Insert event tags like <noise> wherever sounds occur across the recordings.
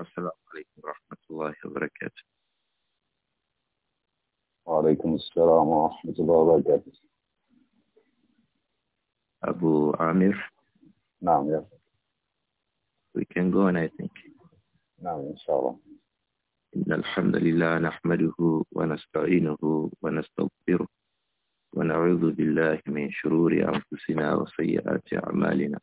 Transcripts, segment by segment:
السلام عليكم ورحمة الله وبركاته وعليكم السلام ورحمة الله وبركاته أبو عامر نعم يا We can go on I think نعم إن شاء الله إن الحمد لله نحمده ونستعينه ونستغفره ونعوذ بالله من شرور أنفسنا وسيئات أعمالنا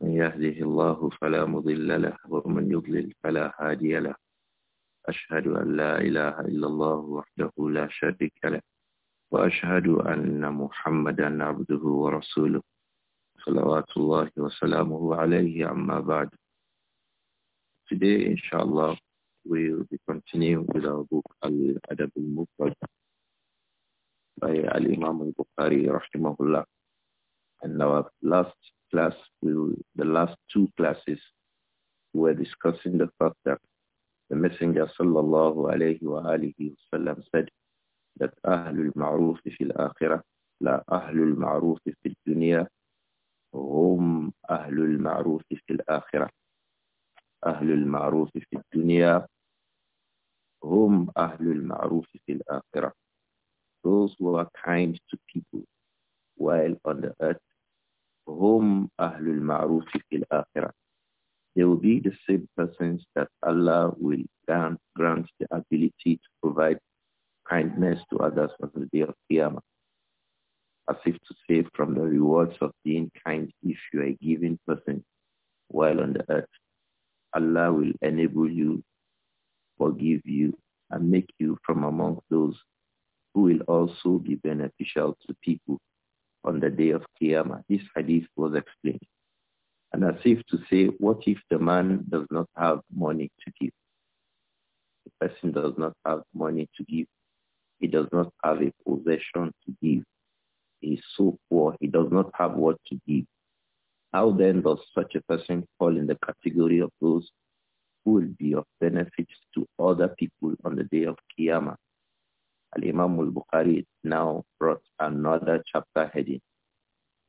من يهده الله فلا مضل له ومن يضلل فلا هادي له أشهد أن لا إله إلا الله وحده لا شريك له وأشهد أن محمدا عبده ورسوله صلوات الله وسلامه عليه أما بعد Today, inshallah, we will be continuing with our book Al-Adab al-Mufrad by Al-Imam al-Bukhari, rahimahullah. And our last class, we, the last two classes, we were discussing the fact that the Messenger sallallahu alayhi wa alihi wasallam said that Ahlul Ma'ruf al Akhirah la Ahlul Ma'ruf al Dunya hum Ahlul Ma'ruf al Akhirah Ahlul Ma'ruf al Dunya hum Ahlul Ma'ruf al Akhirah Those who are kind to people while on the earth whom ahlul ma'ruf fil akhirah. They will be the same persons that Allah will grant, grant the ability to provide kindness to others on the day of Qiyamah. As if to save from the rewards of being kind if you are a giving person while on the earth. Allah will enable you, forgive you, and make you from among those who will also be beneficial to people on the day of Qiyamah. This hadith was explained. And as if to say, what if the man does not have money to give? The person does not have money to give. He does not have a possession to give. He is so poor, he does not have what to give. How then does such a person fall in the category of those who will be of benefit to other people on the day of Qiyamah? Al-Imam al-Bukhari now brought another chapter heading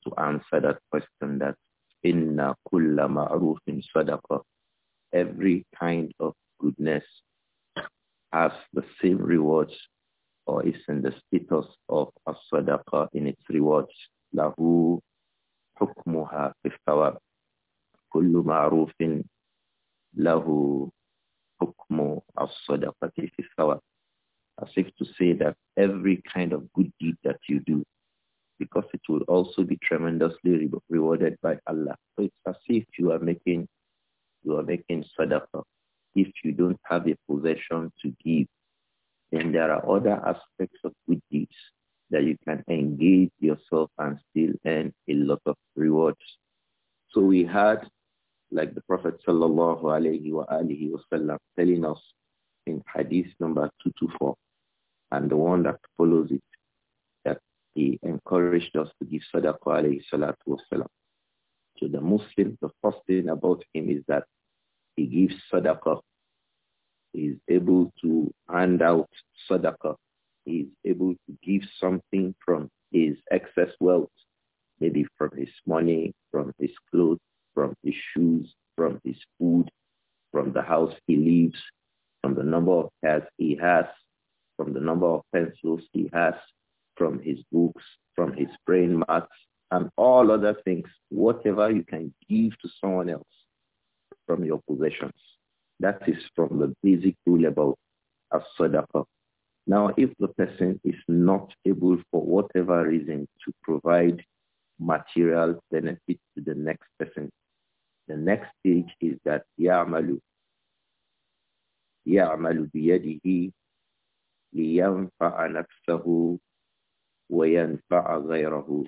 to answer that question that inna kulla ma'rufin sadaqah. Every kind of goodness has the same rewards or is in the status of a sadaqah in its rewards. Lahu hukmuha fi Kullu ma'rufin lahu hukmu as-sadaqati fi as if to say that every kind of good deed that you do, because it will also be tremendously re rewarded by Allah. So it's as if you are making, you are making sadaqah. If you don't have a possession to give, then there are other aspects of good deeds that you can engage yourself and still earn a lot of rewards. So we had, like the Prophet sallallahu alaihi wasallam telling us in hadith number 224, and the one that follows it, that he encouraged us to give sadaqah alayhi salatu wasalam. So the Muslim, the first thing about him is that he gives sadaqah. He is able to hand out sadaqah. He is able to give something from his excess wealth, maybe from his money, from his clothes, from his shoes, from his food, from the house he lives, from the number of cars he has, from the number of pencils he has, from his books, from his brain maths, and all other things, whatever you can give to someone else from your possessions. That is from the basic rule about as-sadaqah. Now, if the person is not able for whatever reason to provide material benefit to the next person, the next stage is that يَعْمَلُ يَعْمَلُ بِيَدِهِ لِيَنْفَعَ نَفْسَهُ وَيَنْفَعَ غَيْرَهُ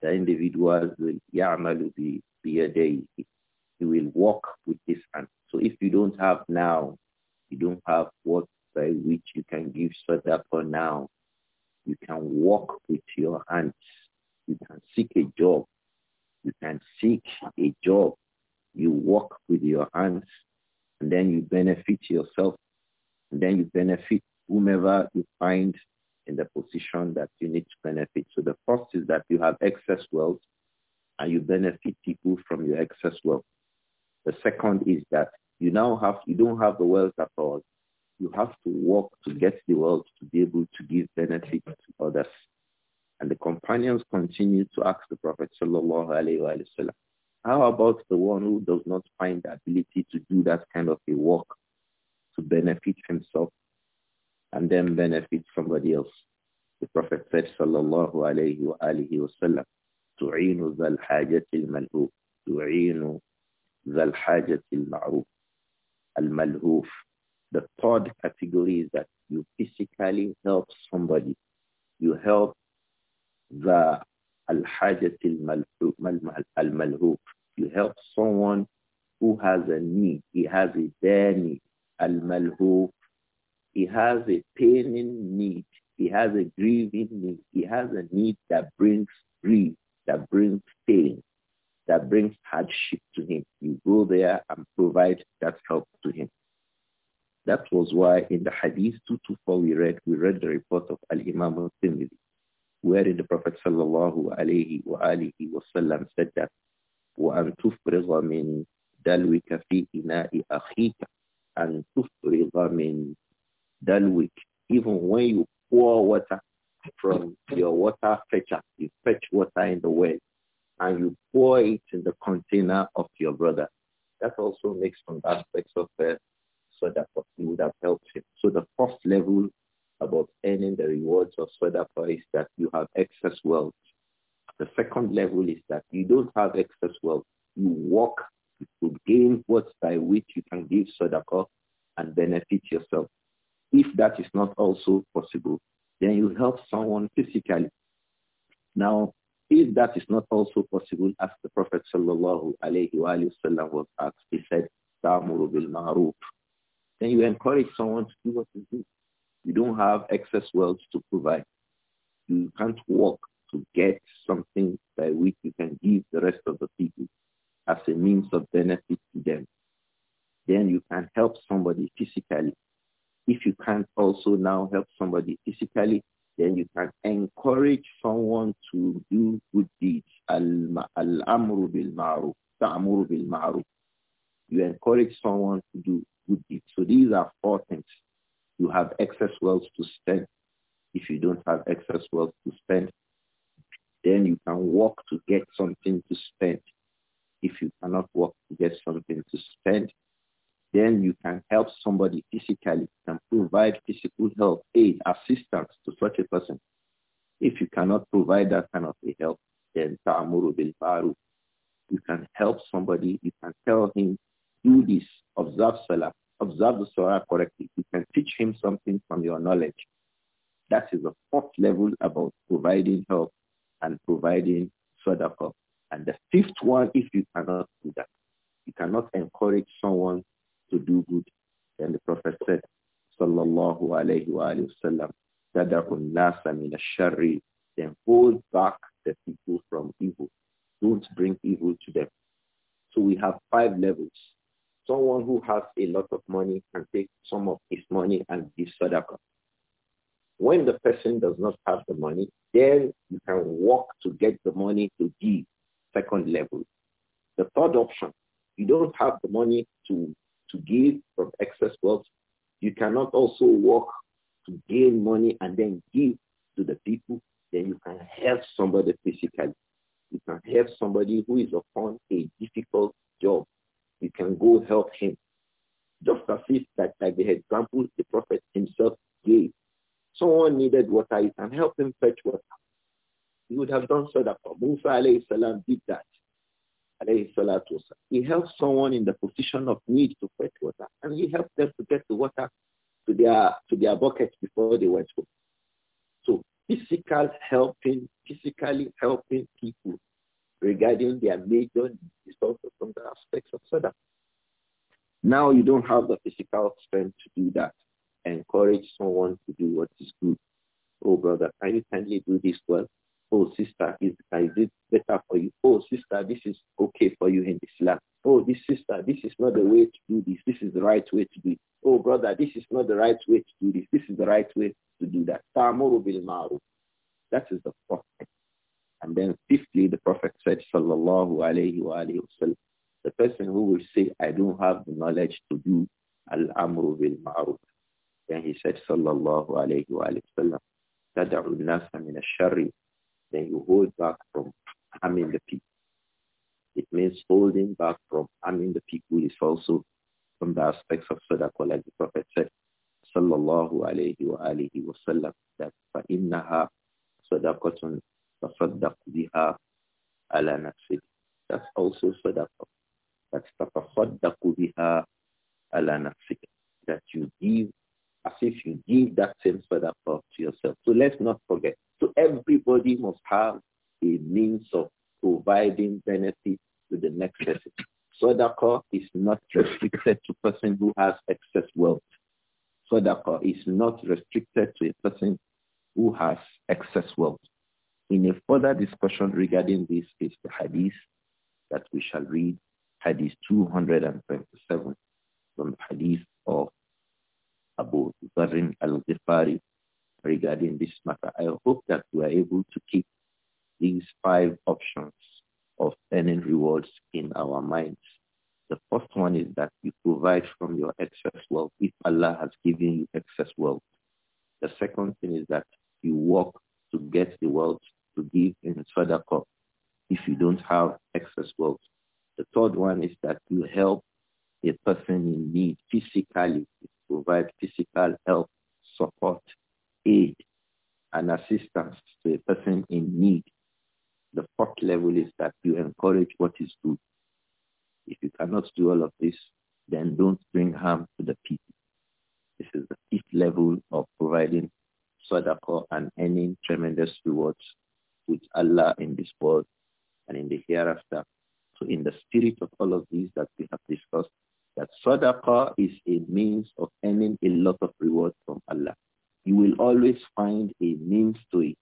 The individual will يَعْمَلُ بِيَدَيْهِ He will work with his hand. So if you don't have now, you don't have what by which you can give sadaqah now, you can work with your hands. You can seek a job. You can seek a job. You work with your hands and then you benefit yourself and then you benefit whomever you find in the position that you need to benefit. So the first is that you have excess wealth and you benefit people from your excess wealth. The second is that you now have, you don't have the wealth at all. You have to work to get the wealth to be able to give benefit to others. And the companions continue to ask the Prophet sallallahu alaihi wasallam, how about the one who does not find the ability to do that kind of a work to benefit himself and then benefit somebody else. The Prophet said, sallallahu alayhi wa alihi wa sallam, تُعِينُ ذَا الْحَاجَةِ الْمَلْهُوفِ تُعِينُ ذَا الْحَاجَةِ الْمَعْرُوفِ الْمَلْهُوفِ The third category is that you physically help somebody. You help the al-hajat al-malhuf. You help someone who has a need. He has a bare need. Al-malhuf he has a paining need. He has a grieving need. He has a need that brings grief, that brings pain, that brings hardship to him. You go there and provide that help to him. That was why in the Hadith 224 we read, we read the report of Al-Imam al-Tirmidhi, wherein the Prophet sallallahu alayhi wa alihi wasallam said that, وَأَن تُفْرِغَ مِنْ دَلْوِكَ فِي إِنَاءِ أَخِيكَ أَن تُفْرِغَ مِنْ that week, even when you pour water from your water fetcher, you fetch water in the well, and you pour it in the container of your brother. That also makes some aspects of it uh, so that you would have helped him. So the first level about earning the rewards of Swadapa is that you have excess wealth. The second level is that you don't have excess wealth. You work to gain what by which you can give Sadaqah and benefit yourself that is not also possible, then you help someone physically. Now, if that is not also possible, as the Prophet sallallahu was asked, he said, Then you encourage someone to do what you do. You don't have excess wealth to provide. You can't work to get something by which you can give the rest of the people as a means of benefit to them. Then you can help somebody physically. If you can't also now help somebody physically, then you can encourage someone to do good deeds. Al-amru bil ma'ruf. You encourage someone to do good deeds. So these are four things. You have excess wealth to spend. If you don't have excess wealth to spend, then you can work to get something to spend. If you cannot work to get something to spend, then you can help somebody physically and provide physical help, aid, assistance to such a person. If you cannot provide that kind of a help, then ta'amuru bil You can help somebody. You can tell him, do this, observe salah, observe the salah correctly. You can teach him something from your knowledge. That is the fourth level about providing help and providing sadaqah. And the fifth one, if you cannot do that, you cannot encourage someone to do good. And the Prophet said, Sallallahu alayhi wa sallam, Tada'un nasa min ash-sharri, then hold back the people from evil. Don't bring evil to them. So we have five levels. Someone who has a lot of money can take some of his money and give sadaqah. When the person does not have the money, then you can work to get the money to give, second level. The third option, you don't have the money to to give from excess wealth. You cannot also work to gain money and then give to the people. Then you can help somebody physically. You can help somebody who is upon a difficult job. You can go help him. Just as if that like the example the prophet himself gave. Someone needed water, you can help him fetch water. He would have done so that Musa alayhi did that alayhi salatu He helps someone in the position of need to fetch water, and he helped them to get the water to their to their bucket before they went home. So physical helping, physically helping people regarding their major is also from the aspects of sadaqah. Now you don't have the physical strength to do that. Encourage someone to do what is good. Oh brother, can you kindly do this well? oh sister, is, is it better for you? Oh sister, this is okay for you in life. Oh this sister, this is not the way to do this. This is the right way to do it. Oh brother, this is not the right way to do this. This is the right way to do that. bil That is the fourth And then fifthly, the Prophet said, sallallahu alayhi wa alayhi wa sallam, the person who will say, I don't have the knowledge to do al-amru bil ma'ruf. Then he said, sallallahu alayhi wa alayhi wa sallam, تدعو الناس من الشر then you hold back from harming the people. It means holding back from harming the people is also from the aspects of sadaqah, like the Prophet said, sallallahu alayhi wa alihi wa sallam, that فَإِنَّهَا صَدَقَةٌ تَصَدَّقْ بِهَا عَلَى نَفْسِكَ That's also sadaqah. That's تَتَصَدَّقُ بِهَا عَلى نَفْسِكَ That you give, as if you give that same sadaqah to yourself. So let's not forget, so everybody must have a means of providing benefit to the next person. Sadaqah is not restricted to a person who has excess wealth. Sadaqah is not restricted to a person who has excess wealth. In a further discussion regarding this is the hadith that we shall read, hadith 227 from the hadith of Abu Zarin al-Ghifari regarding this matter. I hope that we are able to keep these five options of earning rewards in our minds. The first one is that you provide from your excess wealth if Allah has given you excess wealth. The second thing is that you work to get the wealth to give in sadaqah if you don't have excess wealth. The third one is that you help a person in need physically, you provide physical help, support, aid and assistance to a person in need. The fourth level is that you encourage what is good. If you cannot do all of this, then don't bring harm to the people. This is the fifth level of providing sadaqah and earning tremendous rewards with Allah in this world and in the hereafter. So in the spirit of all of these that we have discussed, that sadaqah is a means of earning a lot of reward from Allah you will always find a means to it.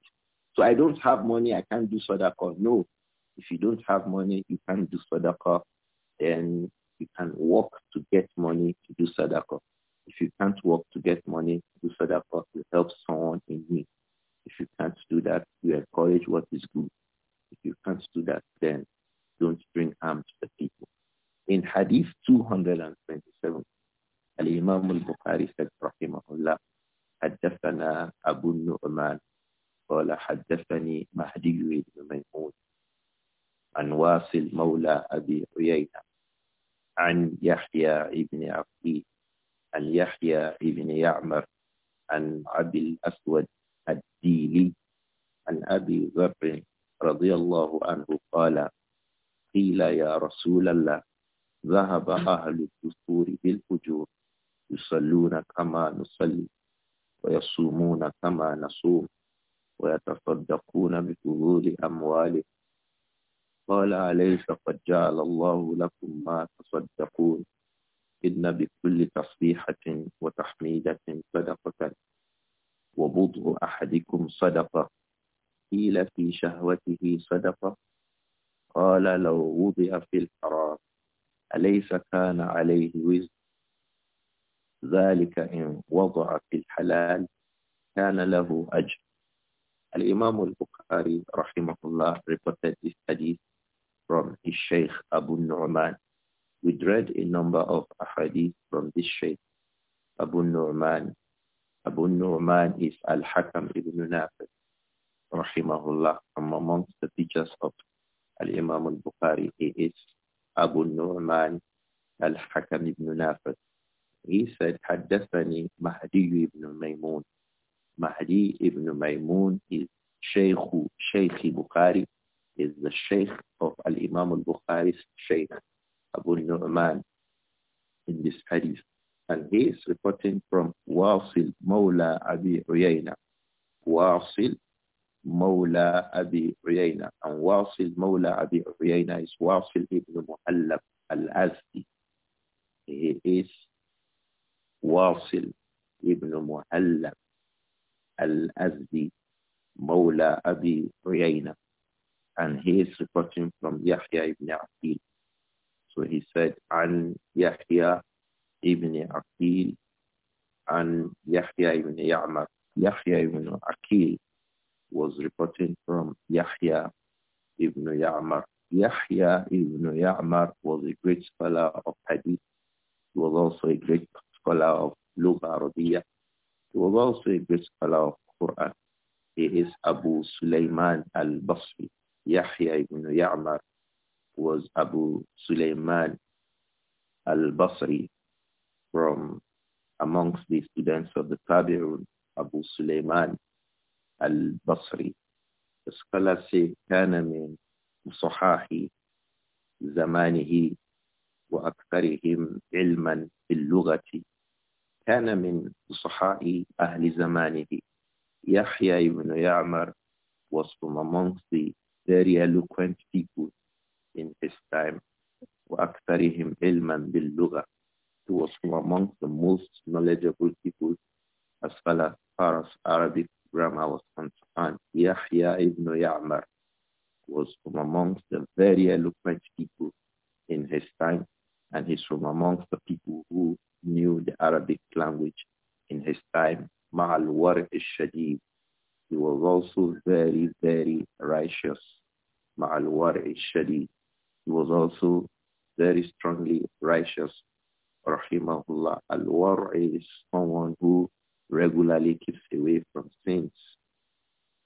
So I don't have money, I can't do sadaqah. No. If you don't have money, you can't do sadaqah. Then you can work to get money to do sadaqah. If you can't work to get money, to do sadaqah you help someone in need. If you can't do that, you encourage what is good. If you can't do that, then don't bring harm to the people. In Hadith 227, Al-Imam al-Bukhari said, Rahimahullah, حدثنا أبو النعمان قال حدثني مهدي بن ميمون عن واصل مولى أبي عيينة عن يحيى بن عقيل عن يحيى بن يعمر عن عبد الأسود الديلي عن أبي ذر رضي الله عنه قال قيل يا رسول الله ذهب أهل الدستور بالفجور يصلون كما نصلي ويصومون كما نصوم ويتصدقون بفضول أموالهم قال أليس قد جعل الله لكم ما تصدقون إن بكل تصبيحة وتحميدة صدقة وبضع أحدكم صدقة قيل في شهوته صدقة قال لو وضع في الحرام أليس كان عليه وزر ذلك إن وضع في الحلال كان له أجر الإمام البخاري رحمه الله reported this hadith from his Sheikh Abu Nu'man we read a number of hadith from this Sheikh Abu Nu'man Abu Nu'man is Al-Hakam ibn رحمه الله from amongst the teachers of Al-Imam al-Bukhari he is Abu Nu'man Al-Hakam ibn Nafis He said, Haddathani Mahdi ibn Maymun. Mahdi ibn Maymun is Shaykh, Shaykh Bukhari, is the Shaykh of Al-Imam al-Bukhari's Shaykh, Abu Nu'man, in this hadith. And he is reporting from Wasil Mawla Abi Uyayna. Wasil Mawla Abi Uyayna. And Wasil Mawla Abi Uyayna is Wasil ibn Muallab al-Azdi. He is واصل ابن مهلب الأزدي مولى أبي عيينة and he is reporting from Yahya ibn Aqil. So he said, عن يحيى ابن عقيل عن يحيى ابن يعمر يحيى ابن عقيل was reporting from Yahya ibn Ya'mar. Yahya ibn Ya'mar was a great scholar of hadith. He was also a great scholar of Luba Arabiya. He was also a great scholar of Quran. He is Abu Sulaiman al-Basri. Yahya ibn Ya'mar was Abu Sulaiman al-Basri from amongst the students of the Tabi'un, Abu Sulaiman al-Basri. The scholars say, كان من صحاح زمانه وأكثرهم علما باللغة كان من فصحاء أهل زمانه Yahya ibn Ya'mar was from amongst the very eloquent people in his time. وأكثرهم علما باللغة He was from amongst the most knowledgeable people as well as, far as Arabic grammar was concerned. Yahya ibn Ya'mar was from amongst the very eloquent people in his time and he's from amongst the people who Arabic language in his time, Ma'al Warq al-Shadid. He was also very, very righteous. Ma'al Warq al-Shadid. He was also very strongly righteous. Rahimahullah. Al-War is someone who regularly keeps away from sins.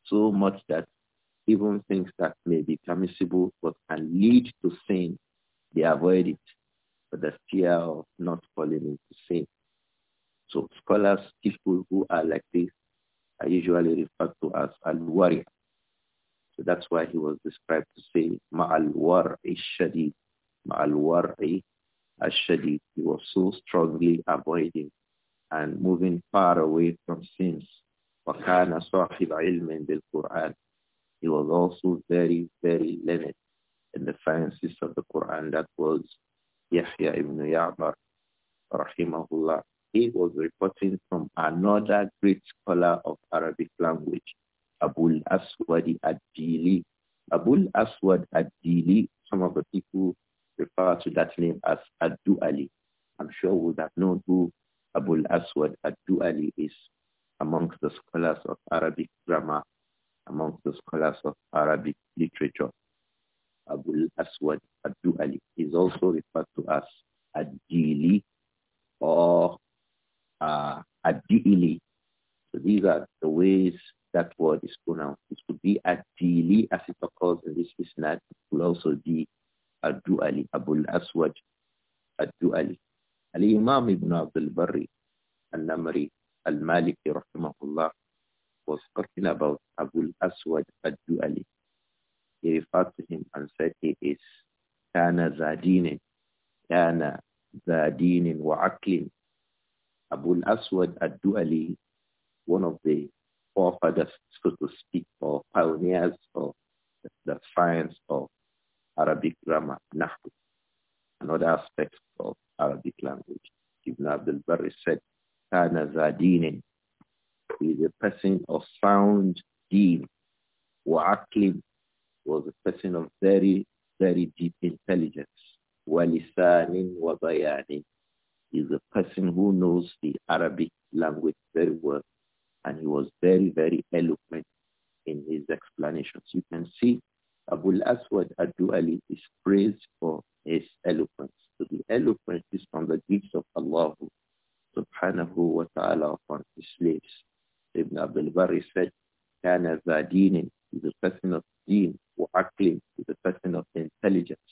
So much that even things that may be permissible but can lead to sin, they avoid it for the fear of not falling into sin. So scholars, people who are like this are usually referred to as al-wari. So that's why he was described to say ma'al-war'i shadid, ma'al-war'i shadid. He was so strongly avoiding and moving far away from sins. وَكَانَ صَاحِبَ عِلْمٍ بِالْقُرْآنِ He was also very, very learned in the sciences of the Quran. That was Yahya ibn Ya'bar, rahimahullah he was reporting from another great scholar of Arabic language, Abul Aswad Adilī. Abul Aswad Adilī. some of the people refer to that name as Addu Ali. I'm sure would have known who Abul Aswad Addu Ali is amongst the scholars of Arabic grammar, amongst the scholars of Arabic literature. Abul Aswad Addu Ali is also referred to as Adilī or uh, adili. So these are the ways that word is pronounced. It could be adili as it occurs in this isnad. It could also be adu'ali, abul aswaj, adu'ali. Al-Imam ibn Abdul Barri al-Namri al-Maliki rahimahullah was talking about Abul Aswad al-Du'ali. He referred to him and said he is كان ذا دين كان ذا وعقل Abul Aswad ad-Du'ali, one of the forefathers, so to speak, or pioneers of the science of Arabic grammar, and another aspect of Arabic language. Ibn Abdul Barri said, Kana Zadinin, he is a person of sound deen. Wa'aklim was a person of very, very deep intelligence. Walisanin wa bayanin is a person who knows the Arabic language very well, and he was very, very eloquent in his explanations. You can see Abu al-Aswad ad duali is praised for his eloquence. so the eloquence is from the gifts of Allah subhanahu wa ta'ala upon his slaves. Ibn Abdul Bari said, كان ذا is a person of deen, وعقل is a person of intelligence,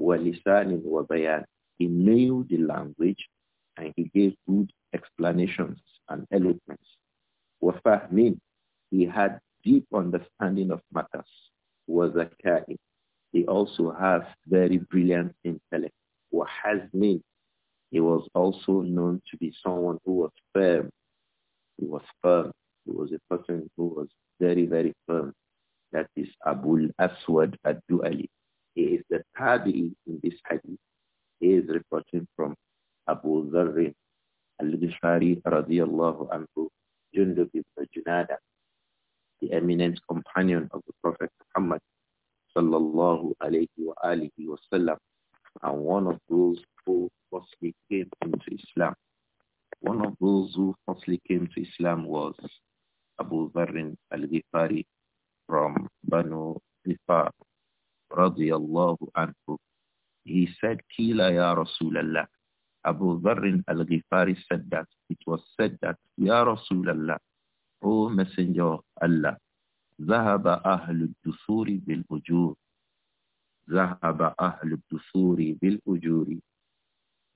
ولسان وبيان he knew the language and he gave good explanations and eloquence. Wafahmin, he had deep understanding of matters. Wazakai, he also has very brilliant intellect. Wahazmin, he was also known to be someone who was firm. He was firm. He was a person who was very, very firm. That is Abul Aswad ad-Du'ali. He is the Tabi in this hadith is reporting from Abu Dharr al-Ghifari radiyallahu anhu, Jundub ibn Junada, the eminent companion of the Prophet Muhammad sallallahu alayhi wa alihi wa sallam, and one of those who firstly came into Islam. One of those who firstly came to Islam was Abu Dharr al-Ghifari from Banu Nifar radiyallahu anhu he said, Kila ya Rasulallah. Abu Dharrin al-Ghifari said that. It was said that, Ya Rasulallah, oh Messenger of Allah, Zahaba ahlu dusuri bil ujur. Zahaba ahlu dusuri bil ujuri.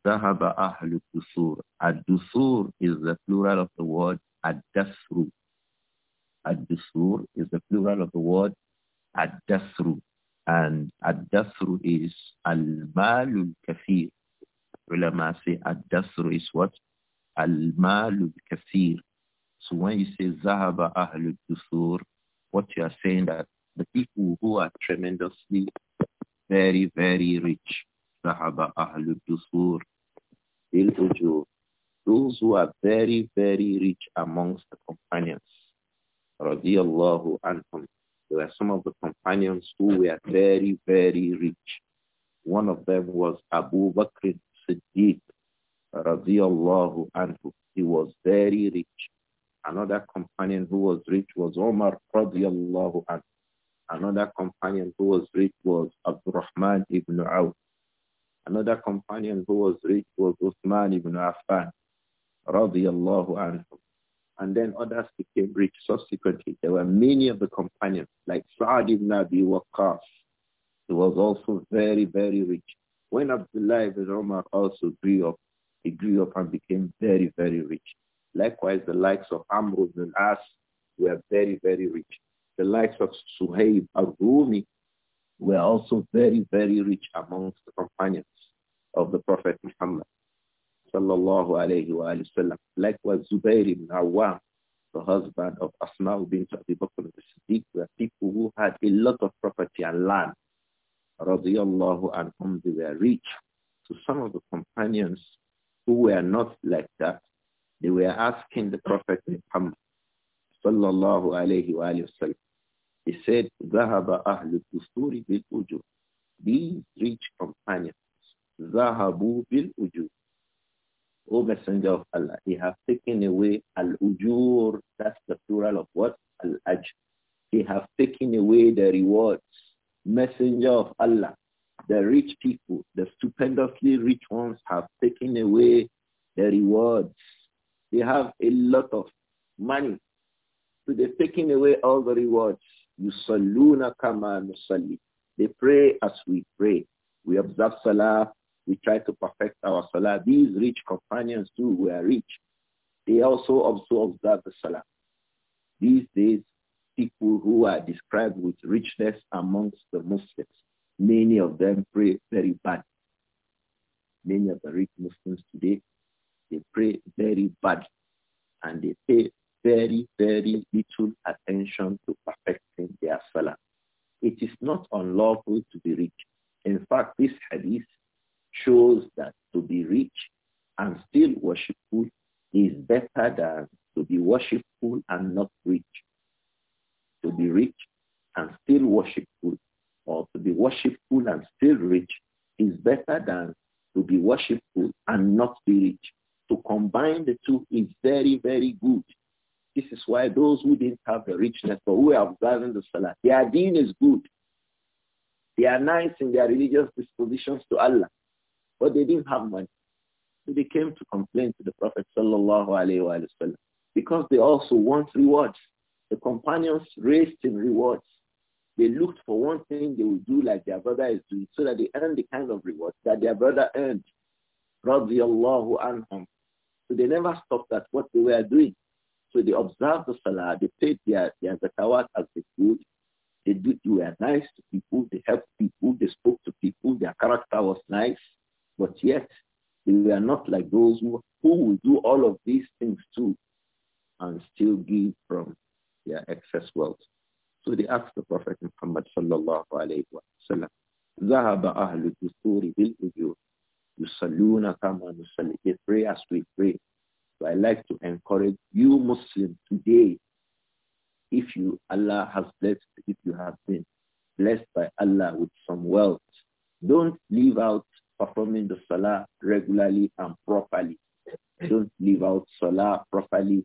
Zahaba ahlu dusur. Ad-dusur is the plural of the word ad-dasru. Ad-dusur is the plural of the word ad-dasru. And adasru is al-malul kafir. Ulama say ad is what? Al-malul kafir So when you say zahaba ahlul dusur, what you are saying that the people who are tremendously very, very rich, zahaba ahlul dusur, those who are very, very rich amongst the companions, radiallahu anhum, there were some of the companions who were very, very rich. One of them was Abu Bakr Siddiq, radiallahu anhu. He was very rich. Another companion who was rich was Omar, radiallahu anhu. Another companion who was rich was Abdurrahman ibn Auf. Another companion who was rich was Uthman ibn Affan, radiallahu anhu and then others became rich subsequently. There were many of the companions, like Saad ibn Abi Waqqas. He was also very, very rich. When Abdullah ibn Umar also grew up, he grew up and became very, very rich. Likewise, the likes of Amr ibn as were very, very rich. The likes of Suhaib al-Rumi were also very, very rich amongst the companions of the Prophet Muhammad sallallahu alayhi wa sallam. Likewise, Zubair ibn Awam, the husband of Asma bint Abi Bakr al-Siddiq, were people who had a lot of property and land. Radiallahu anhum, they were rich. So some of the companions who were not like that, they were asking the Prophet Muhammad, sallallahu alayhi wa sallam, he said, ذهب أهل الدستور بالأجور. These rich companions, ذهبوا بالأجور O Messenger of Allah, he have taken away al-ujur, that's the plural of what? al aj He have taken away the rewards. Messenger of Allah, the rich people, the stupendously rich ones have taken away the rewards. They have a lot of money. So they're taking away all the rewards. Yusalluna kama They pray as we pray. We observe salah we try to perfect our salah. These rich companions too were rich. They also observed that the salah. These days, people who are described with richness amongst the Muslims, many of them pray very badly. Many of the rich Muslims today, they pray very badly and they pay very, very little attention to perfecting their salah. It is not unlawful to be rich. In fact, this hadith shows that to be rich and still worshipful is better than to be worshipful and not rich. To be rich and still worshipful or to be worshipful and still rich is better than to be worshipful and not be rich. To combine the two is very, very good. This is why those who didn't have the richness but who are observing the salah, their deen is good. They are nice in their religious dispositions to Allah. But they didn't have money. So they came to complain to the Prophet sallallahu alaihi wasallam because they also want rewards. The companions raced in rewards. They looked for one thing they would do like their brother is doing so that they earn the kind of rewards that their brother earned. Radiallahu anhum. So they never stopped at what they were doing. So they observed the salah, they paid their, their zakawat as they could. They, did. they were nice to people, they helped people, they spoke to people, their character was nice. But yet, we are not like those who, who will do all of these things too and still give from their excess wealth. So they asked the Prophet Muhammad sallallahu alayhi wa sallam, ذهب أهل الدستور بالأجور يصلون كما نصلي. They pray as we pray. So I like to encourage you Muslims today, if you, Allah has blessed, if you have been blessed by Allah with some wealth, don't leave out performing the salah regularly and properly. Don't leave out salah properly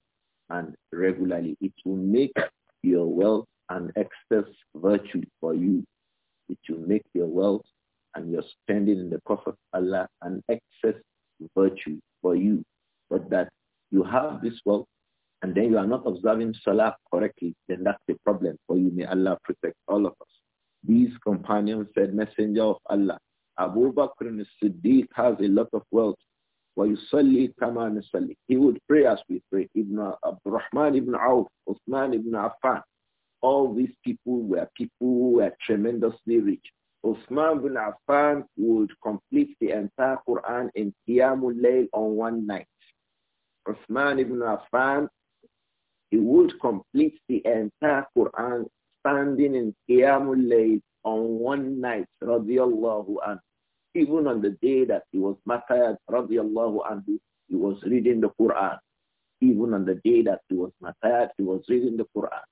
and regularly. It will make your wealth an excess virtue for you. It will make your wealth and your spending in the cause of Allah an excess virtue for you. But that you have this wealth and then you are not observing Salah correctly, then that's a problem for you. May Allah protect all of us. These companions said, Messenger of Allah, Abu Bakr as-Siddiq has a lot of wealth. وَيُصَلِّي كَمَا نُصَلِّي He would pray as we pray. Ibn Abdurrahman ibn Auf, Uthman ibn Affan. All these people were people who were tremendously rich. Uthman ibn Affan would complete the entire Quran in Qiyamul Layl on one night. Uthman ibn Affan, he would complete the entire Quran standing in Qiyamul Layl on one night, radiallahu anhu. Even on the day that he was martyred, radiallahu anhu, he was reading the Quran. Even on the day that he was martyred, he was reading the Quran.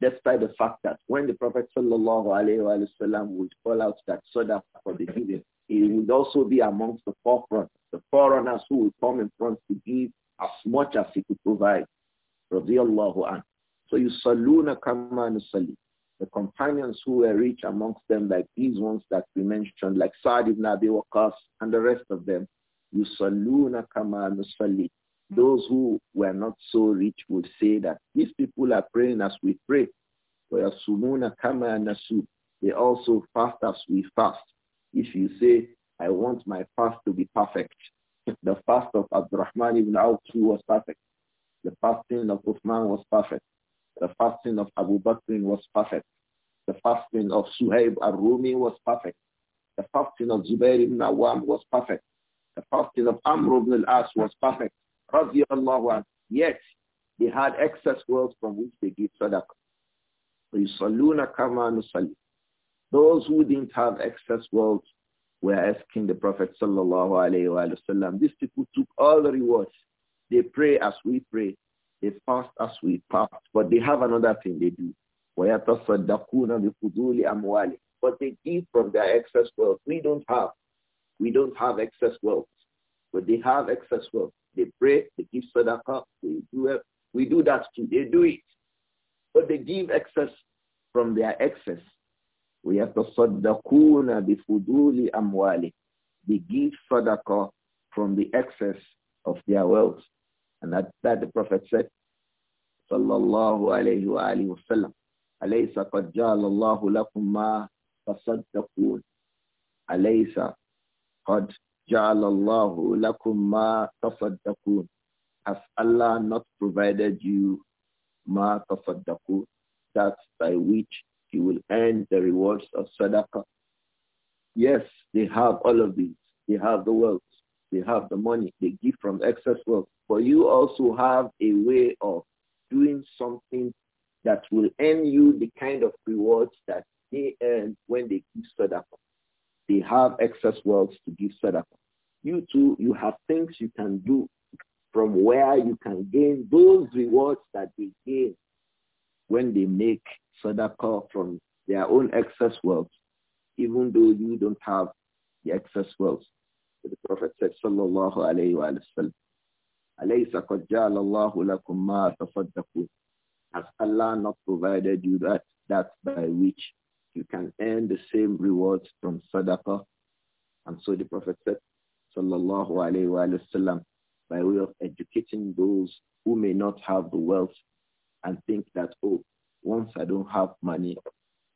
Despite the fact that when the Prophet sallallahu alayhi wasallam would call out that sadaqah for the giving, he would also be amongst the forefront, the foreigners who would come in front to give as much as he could provide, radiallahu anhu. So you saluna kama nasali. The companions who were rich amongst them, like these ones that we mentioned, like Sa'd ibn Abi Waqqas and the rest of them, you saluna kama nasali. Those who were not so rich would say that these people are praying as we pray. وَيَصُمُونَ kama nasu. They also fast as we fast. If you say, I want my fast to be perfect, <laughs> the fast of Abdurrahman ibn Awf was perfect. The fasting of Uthman was perfect. The fasting of Abu Bakr was perfect. The fasting of Suhaib al-Rumi was perfect. The fasting of Zubair ibn Awam was perfect. The fasting of Amr ibn al-As was perfect. Radiallahu anhu. Yet, they had excess wealth from which they gave sadaqah. Those who didn't have excess wealth were asking the Prophet sallallahu alaihi wasallam. These people took all the rewards. They pray as we pray. They fast as we fast. But they have another thing they do. But they give from their excess wealth. We don't have. We don't have excess wealth. But they have excess wealth. They pray, they give sadaqah, they do it. We do that too. They do it. But they give excess from their excess. We have to the بِفُضُولِ amwali. They give sadaqah from the excess of their wealth. And that, that the Prophet said, sallallahu alayhi wa alayhi wa sallam, أليس قد جعل الله لكم ما تصدقون أليس قد جعل الله لكم Has Allah not provided you ma tafaddaqun that by which you will earn the rewards of sadaqah? Yes, they have all of these. They have the wealth they have the money, they give from excess wealth. But you also have a way of doing something that will earn you the kind of rewards that they earn when they give sadaqah. They have excess wealth to give sadaqah. You too, you have things you can do from where you can gain those rewards that they gain when they make sadaqah from their own excess wealth, even though you don't have the excess wealth the Prophet said, Sallallahu alayhi wa sallam, أَلَيْسَ قَدْ جَعَلَ Has Allah not provided you that, that by which you can earn the same rewards from sadaqah? And so the Prophet said, Sallallahu alayhi Wasallam," by way of educating those who may not have the wealth and think that, oh, once I don't have money,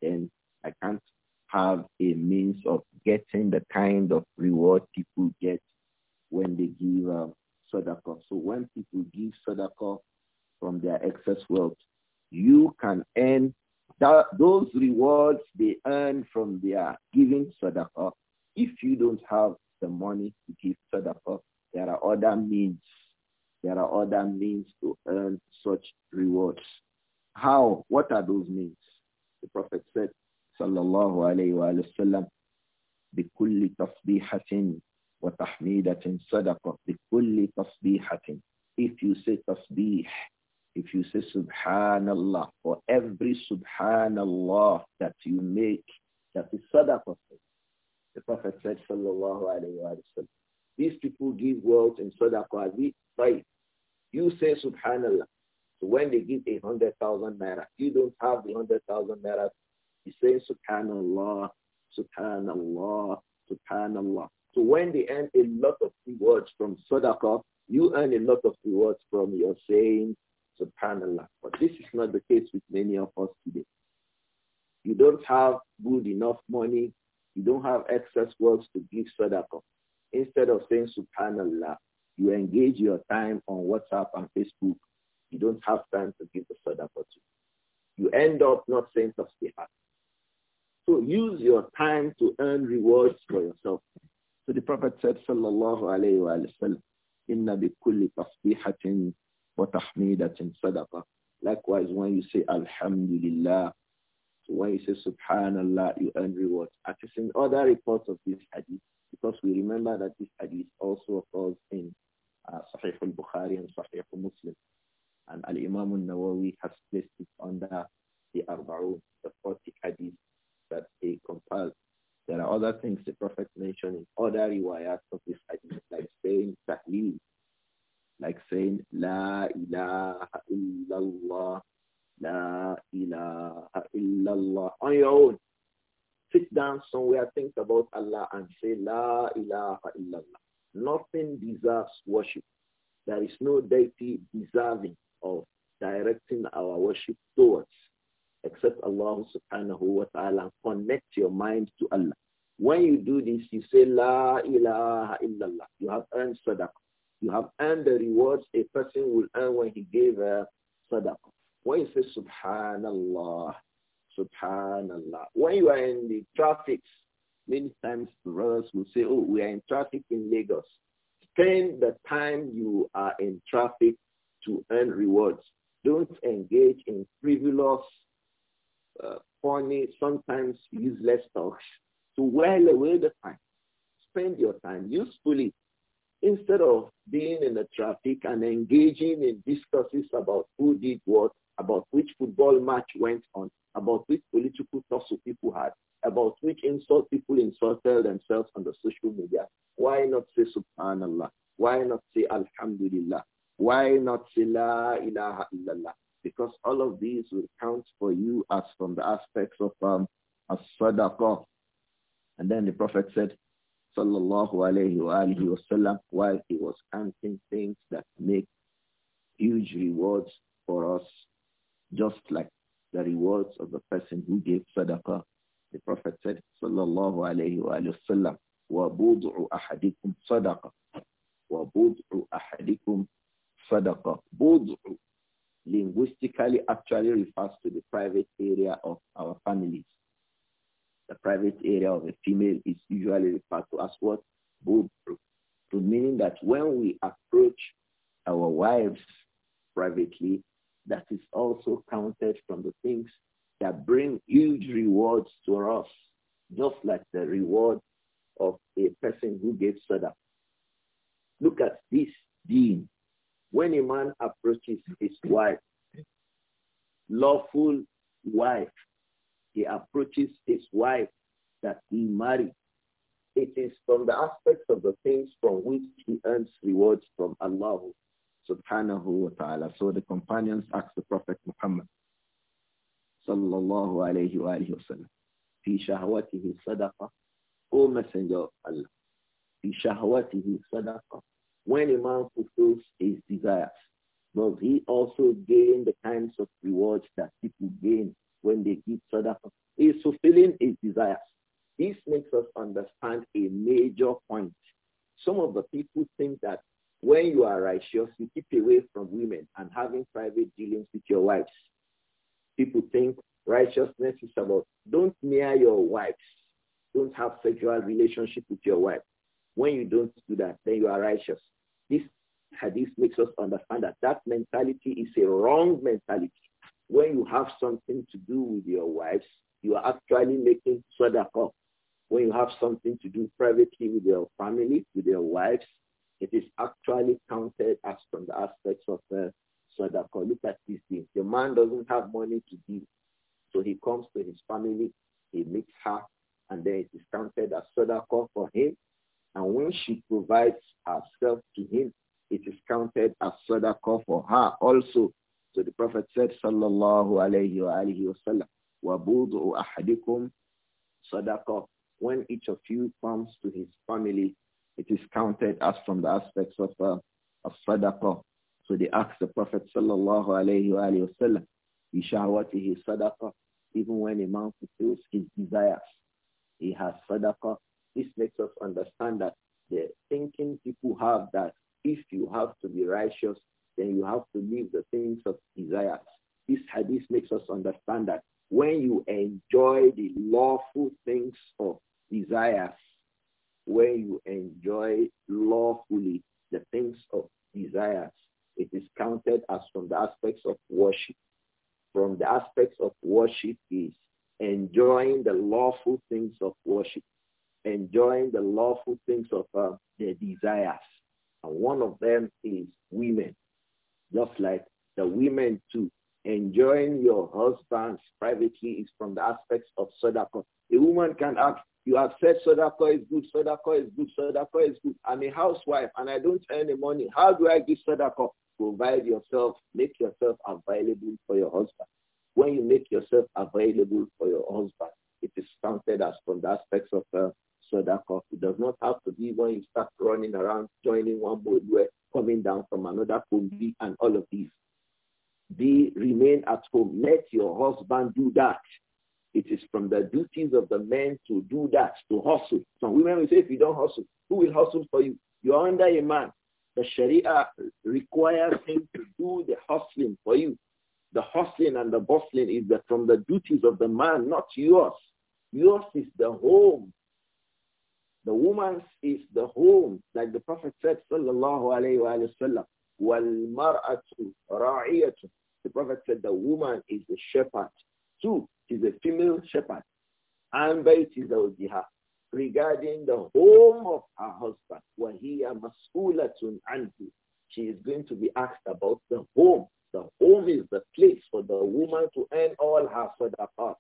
then I can't have a means of getting the kind of reward people get when they give um, sadaqah. So when people give sadaqah from their excess wealth, you can earn that, those rewards they earn from their giving sadaqah. If you don't have the money to give sadaqah, there are other means. There are other means to earn such rewards. How? What are those means? The Prophet said, صلى الله عليه وآله وسلم بكل تصبيحة وتحميدة صدقة بكل تصبيحة if you say tasbih if you say subhanallah for every subhanallah that you make that is sadaqah the prophet said sallallahu alaihi wasallam these people give wealth in sadaqah we right you say subhanallah so when they give a hundred thousand naira you don't have the hundred thousand naira He's saying subhanallah, subhanallah, subhanallah. So when they earn a lot of rewards from sadaqah, you earn a lot of rewards from your saying subhanallah. But this is not the case with many of us today. You don't have good enough money. You don't have excess works to give sadaqah. Instead of saying subhanallah, you engage your time on WhatsApp and Facebook. You don't have time to give the sadaqah to. You end up not saying tasbihah. So use your time to earn rewards for yourself. So the Prophet said, Sallallahu alayhi wa sallam, Inna bi kulli tasbihatin wa tahmidatin sadaqah. Likewise, when you say Alhamdulillah, so when you say Subhanallah, you earn rewards. i is in other reports of this hadith, because we remember that this hadith also occurs in uh, Sahih al-Bukhari and Sahih al-Muslim. And Al-Imam al-Nawawi has placed it under the Arba'un, the 40 hadith that they compiled. There are other things the Prophet mentioned in other riwayat of this hadith, like saying tahleel, like saying La ilaha illallah, La ilaha illallah on your own. Sit down somewhere, think about Allah and say La ilaha illallah. Nothing deserves worship. There is no deity deserving of directing our worship towards. Accept Allah subhanahu wa ta'ala connect your mind to Allah. When you do this, you say La ilaha illallah. You have earned sadaqah. You have earned the rewards a person will earn when he gave a sadaqah. When you say Subhanallah, Subhanallah. When you are in the traffic, many times brothers will say, oh, we are in traffic in Lagos. Spend the time you are in traffic to earn rewards. Don't engage in frivolous uh, funny, sometimes useless mm-hmm. talks to well away the time. Spend your time usefully instead of being in the traffic and engaging in discussions about who did what, about which football match went on, about which political tussle people had, about which insult people insulted themselves on the social media. Why not say subhanallah? Why not say alhamdulillah? Why not say la ilaha illallah? because all of these will count for you as from the aspects of um, as sadaqah. And then the Prophet said, sallallahu alayhi wa alayhi wasallam, while he was counting things that make huge rewards for us, just like the rewards of the person who gave sadaqah. The Prophet said, sallallahu alayhi wa alayhi wasallam, وَبُضْعُ أَحَدِكُمْ صَدَقَةً وَبُضْعُ أَحَدِكُمْ صَدَقَةً linguistically actually refers to the private area of our families. The private area of a female is usually referred to as what? Boob. To meaning that when we approach our wives privately, that is also counted from the things that bring huge rewards to us, just like the reward of a person who gave sadaqah. Look at this Dean. When a man approaches his wife, lawful wife, he approaches his wife that he married. It is from the aspects of the things from which he earns rewards from Allah subhanahu wa ta'ala. So the companions asked the Prophet Muhammad sallallahu alayhi wa alayhi wa sallam, في شهوته صدقة, O Messenger of Allah, fi شهوته sadaqa." when a man fulfills his desires, does he also gain the kinds of rewards that people gain when they give sadaqah? He is fulfilling his desires. This makes us understand a major point. Some of the people think that when you are righteous, you keep away from women and having private dealings with your wives. People think righteousness is about don't near your wives. Don't have sexual relationship with your wife. When you don't do that, then you are righteous. This hadith makes us understand that that mentality is a wrong mentality. When you have something to do with your wives, you are actually making sadaqah. When you have something to do privately with your family, with your wives, it is actually counted as from the aspects of uh, sadaqah. Look at these things. The man doesn't have money to give. So he comes to his family, he meets her, and then it is counted as sadaqah for him and when she provides herself to him, it is counted as sadaqah for her also. So the Prophet said, Sallallahu alayhi wa sallam, wa sallam, وَبُوضُعُ أَحَدِكُمْ sadaqah. When each of you comes to his family, it is counted as from the aspects of, a uh, of sadaqah. So they asked the Prophet Sallallahu alayhi wa alihi wa sallam, بِشَهْوَتِهِ sadaqah. Even when a man fulfills his desires, he has sadaqah this makes us understand that the thinking people have that if you have to be righteous, then you have to leave the things of desires. This hadith makes us understand that when you enjoy the lawful things of desires, when you enjoy lawfully the things of desires, it is counted as from the aspects of worship. From the aspects of worship is enjoying the lawful things of worship enjoying the lawful things of uh, their desires. And one of them is women. Just like the women too. Enjoying your husband's privately is from the aspects of sodako. A woman can ask, you have said sodako is good, sodako is good, sodako is good. I'm a housewife and I don't earn any money. How do I give sodako? Provide yourself, make yourself available for your husband. When you make yourself available for your husband, it is counted as from the aspects of uh, that It does not have to be when you start running around, joining one boat, coming down from another pool, mm-hmm. and all of these. Be remain at home. Let your husband do that. It is from the duties of the men to do that, to hustle. Some women will say, if you don't hustle, who will hustle for you? You are under a man. The Sharia requires him to do the hustling for you. The hustling and the bustling is the, from the duties of the man, not yours. Yours is the home. The woman's is the home, like the Prophet said, sallallahu alayhi wa, alayhi wa The Prophet said the woman is the shepherd. Two, is a female shepherd. And bait is regarding the home of her husband. وَهِيَ مَسْئُولَةٌ عَنْهُ She is going to be asked about the home. The home is the place for the woman to earn all her sadaqah.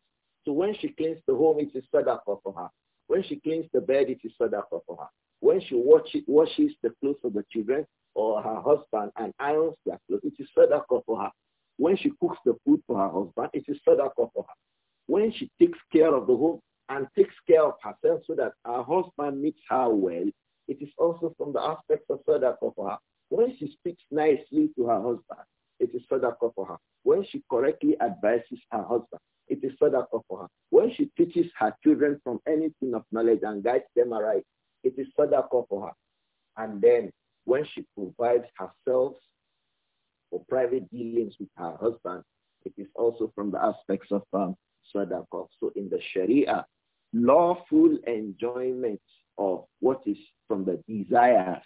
So when she cleans the home, it is sadaqah for her. When she cleans the bed, it is sadaqah for her. When she washes the clothes of the children or her husband and irons their clothes, it is sadaqah for her. When she cooks the food for her husband, it is sadaqah for her. When she takes care of the home and takes care of herself so that her husband meets her well, it is also from the aspect of sadaqah for her. When she speaks nicely to her husband, it is sadaqah for her. When she correctly advises her husband, it is sadaqah for her. When she teaches her children from anything of knowledge and guides them aright, it is further sadaqah for her. And then when she provides herself for private dealings with her husband, it is also from the aspects of um, sadaqah. So in the Sharia, lawful enjoyment of what is from the desires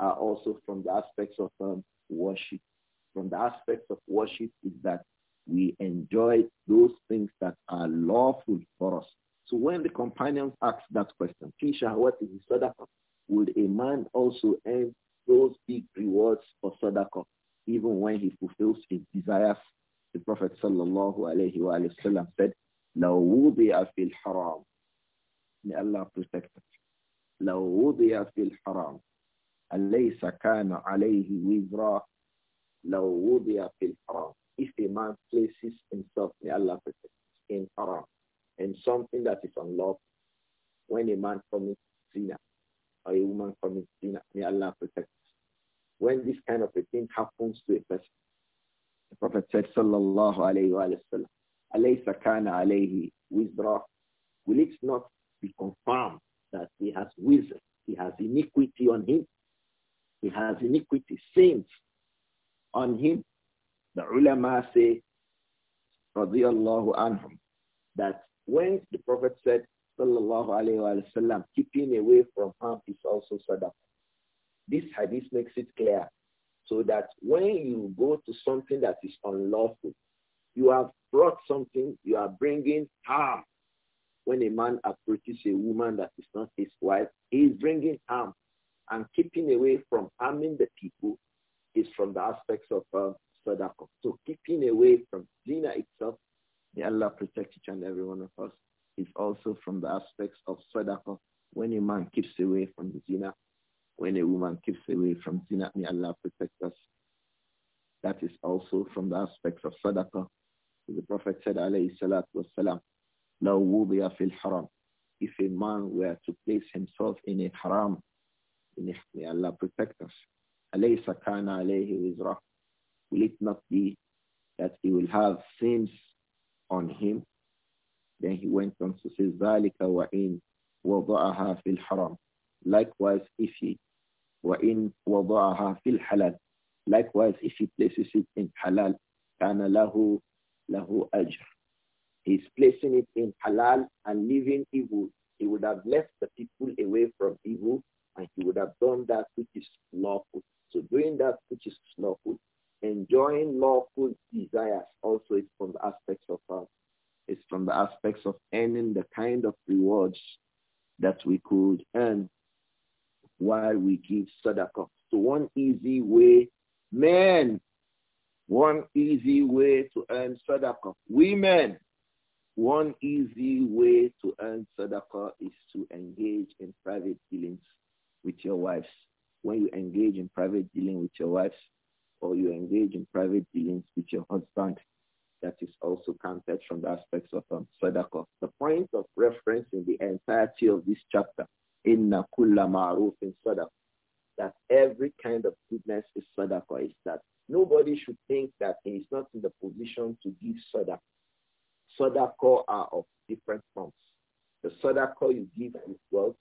are also from the aspects of um, worship. From the aspects of worship is that we enjoy those things that are lawful for us. So when the companions asked that question, Kisha, what is sadaqah? Would a man also earn those big rewards for sadaqah even when he fulfills his desires? The Prophet sallallahu alayhi wa sallam said, لو في الحرام May Allah protect us. لو في الحرام أليس كان عليه وزرا لو وضع في الحرام if a man places himself, near Allah protect, in haram, and something that is unlawful, when a man commits zina, or a woman commits zina, may Allah protect. When this kind of a thing happens to a person, the Prophet said, Sallallahu alayhi wa sallam, Alaysa kana alayhi wizra, will it not be confirmed that he has wisdom, he has iniquity on him, he has iniquity, sins on him, the ulama say, radiallahu anhum, that when the Prophet said, sallallahu wasallam, keeping away from harm is also sadaqah. This hadith makes it clear so that when you go to something that is unlawful, you have brought something, you are bringing harm. When a man approaches a woman that is not his wife, he is bringing harm and keeping away from harming the people is from the aspects of uh, sadaqah. So keeping away from zina itself, may Allah protect each and every one of us, is also from the aspects of sadaqah. When a man keeps away from zina, when a woman keeps away from zina, may Allah protect us. That is also from the aspects of sadaqah. The Prophet said, alayhi salatu wasalam, لو وضع في الحرام if a man were to place himself in a haram, may Allah protect us. Alaysa kana alayhi wizra. Will it not be that he will have sins on him? Then he went on to say, ذَلِكَ وَإِنْ وَضَعَهَا فِي haram. Likewise, if he وَإِنْ وَضَعَهَا فِي الْحَلَالِ Likewise, if he places it in halal, كَانَ لَهُ lahu ajr. He's placing it in halal and leaving evil. He would have left the people away from evil and he would have done that which is lawful. So doing that which is lawful, enjoying lawful desires also is from the aspects of us. It's from the aspects of earning the kind of rewards that we could earn while we give sadaqah. So one easy way, men, one easy way to earn sadaqah. Women, one easy way to earn sadaqah is to engage in private dealings with your wives. When you engage in private dealing with your wives, or you engage in private dealings with your husband, that is also counted from the aspects of um, sadaqah. The point of reference in the entirety of this chapter, in kulla in sadaqah, that every kind of goodness is sadaqah, is that nobody should think that he is not in the position to give sadaqah. Sadaqah are of different forms. The sadaqah you give is wealth,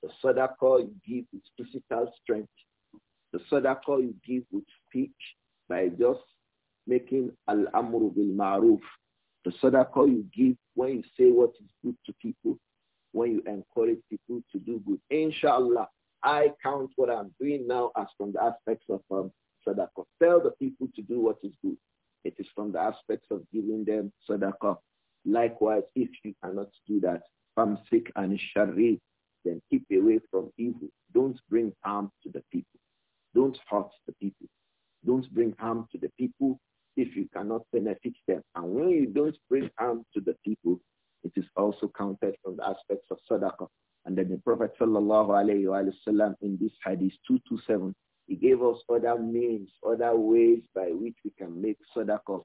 the sadaqah you give is physical strength, the sadaqah you give with speech by just making al-amru bil ma'ruf. The sadaqah you give when you say what is good to people, when you encourage people to do good. Inshallah, I count what I'm doing now as from the aspects of um, sadaqah. Tell the people to do what is good. It is from the aspects of giving them sadaqah. Likewise, if you cannot do that, sick and shari, then keep away from evil. Don't bring harm to the people. Don't hurt the people. Don't bring harm to the people if you cannot benefit them. And when you don't bring harm to the people, it is also counted from the aspects of sadaqah. And then the Prophet sallallahu alayhi wa sallam in this hadith 227, he gave us other means, other ways by which we can make sadaqah.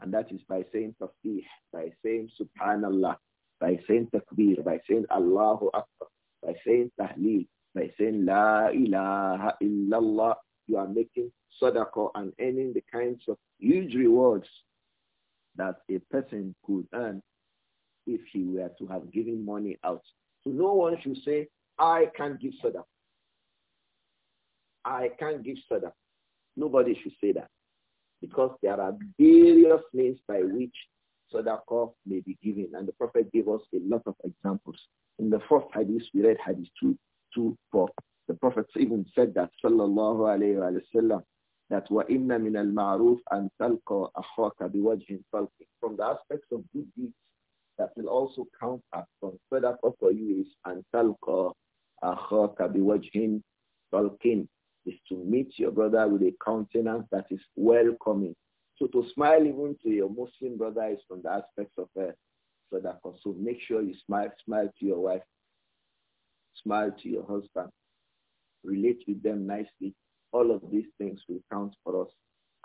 And that is by saying tafsih, by saying subhanallah, by saying takbir, by saying Allahu Akbar, by saying tahleel, by saying La ilaha illallah, you are making sadaqah and earning the kinds of huge rewards that a person could earn if he were to have given money out. So no one should say, I can't give sadaqah. I can't give sadaqah. Nobody should say that because there are various means by which sadaqah may be given. And the Prophet gave us a lot of examples. In the fourth hadith, we read hadith 2 too poor. The Prophet even said that, sallallahu alayhi wa sallam, that وَإِنَّ مِنَ الْمَعْرُوفِ أَنْ تَلْقَى أَخَاكَ بِوَجْهٍ فَلْقٍ From the aspects of good deeds that will also count as from further for you is أَنْ تَلْقَى أَخَاكَ بِوَجْهٍ فَلْقٍ is to meet your brother with a countenance that is welcoming. So to smile even to your Muslim brother is from the aspects of uh, so that So make sure you smile, smile to your wife Smile to your husband. Relate with them nicely. All of these things will count for us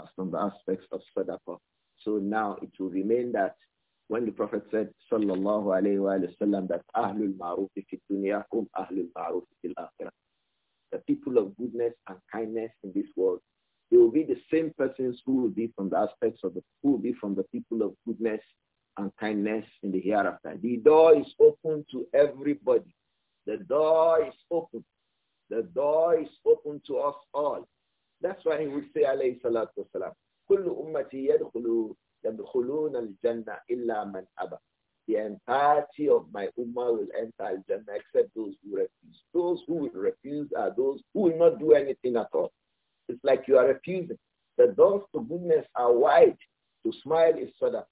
as from the aspects of sadaqah. So now it will remain that when the Prophet said, sallallahu alayhi wa sallam, that ahlul ma'ruf fi dunya ahlul ma'ruf fil akhirah. The people of goodness and kindness in this world, they will be the same persons who will be from the aspects of the, who will be from the people of goodness and kindness in the hereafter. The door is open to everybody. The door is open. The door is open to us all. That's why he would say, alayhi salatu wasalam, كل أمتي يدخلون الجنة إلا من أبى. The entirety of my ummah will enter Jannah except those who refuse. Those who will refuse are those who will not do anything at all. It's like you are refusing. The doors to goodness are wide. To smile is sadaqah.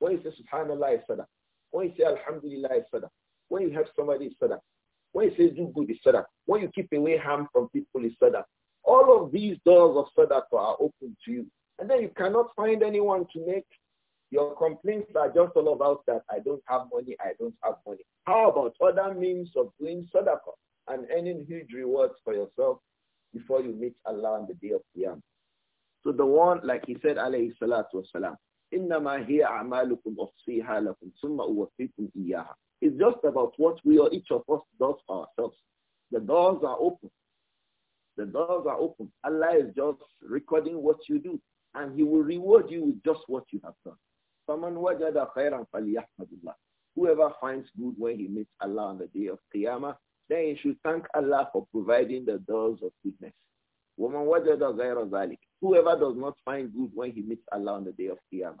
When you say subhanallah is sadaqah. When you say alhamdulillah is sadaqah. When you help somebody is sadaqah. When you say do good, it's sadaqah. When you keep away harm from people, it's sadaqah. All of these doors of sadaqah are open to you. And then you cannot find anyone to make your complaints are just all about that I don't have money, I don't have money. How about other means of doing sadaqah and earning huge rewards for yourself before you meet Allah on the day of Qiyam? So the one, like he said, alayhi salatu wasalam, إِنَّمَا هِيَ أَعْمَالُكُمْ أُحْصِيهَا لَكُمْ ثُمَّ أُوَفِّيكُمْ إِيَّاهَا it's just about what we or each of us does for ourselves. The doors are open. The doors are open. Allah is just recording what you do, and He will reward you with just what you have done. Whoever finds good when he meets Allah on the day of Qiyamah, then he should thank Allah for providing the doors of goodness. Whoever does not find good when he meets Allah on the day of Qiyamah,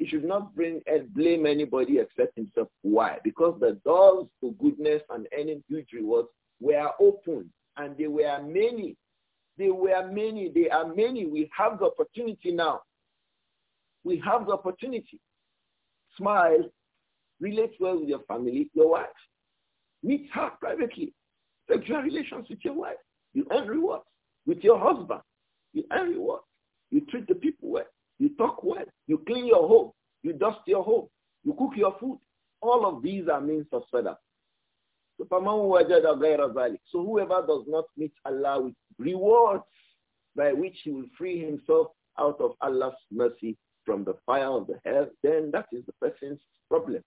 he should not bring and eh, blame anybody except himself. Why? Because the doors to goodness and earning huge rewards were open and they were many. They were many. They are many. We have the opportunity now. We have the opportunity. Smile. Relate well with your family, your wife. Meet her privately. Sexual relations with your wife. You earn rewards. With your husband. You earn rewards. You treat the people well. You talk well. You clean your home. You dust your home. You cook your food. All of these are means of sadaqah. So whoever does not meet Allah with rewards by which he will free himself out of Allah's mercy from the fire of the hell, then that is the person's problem.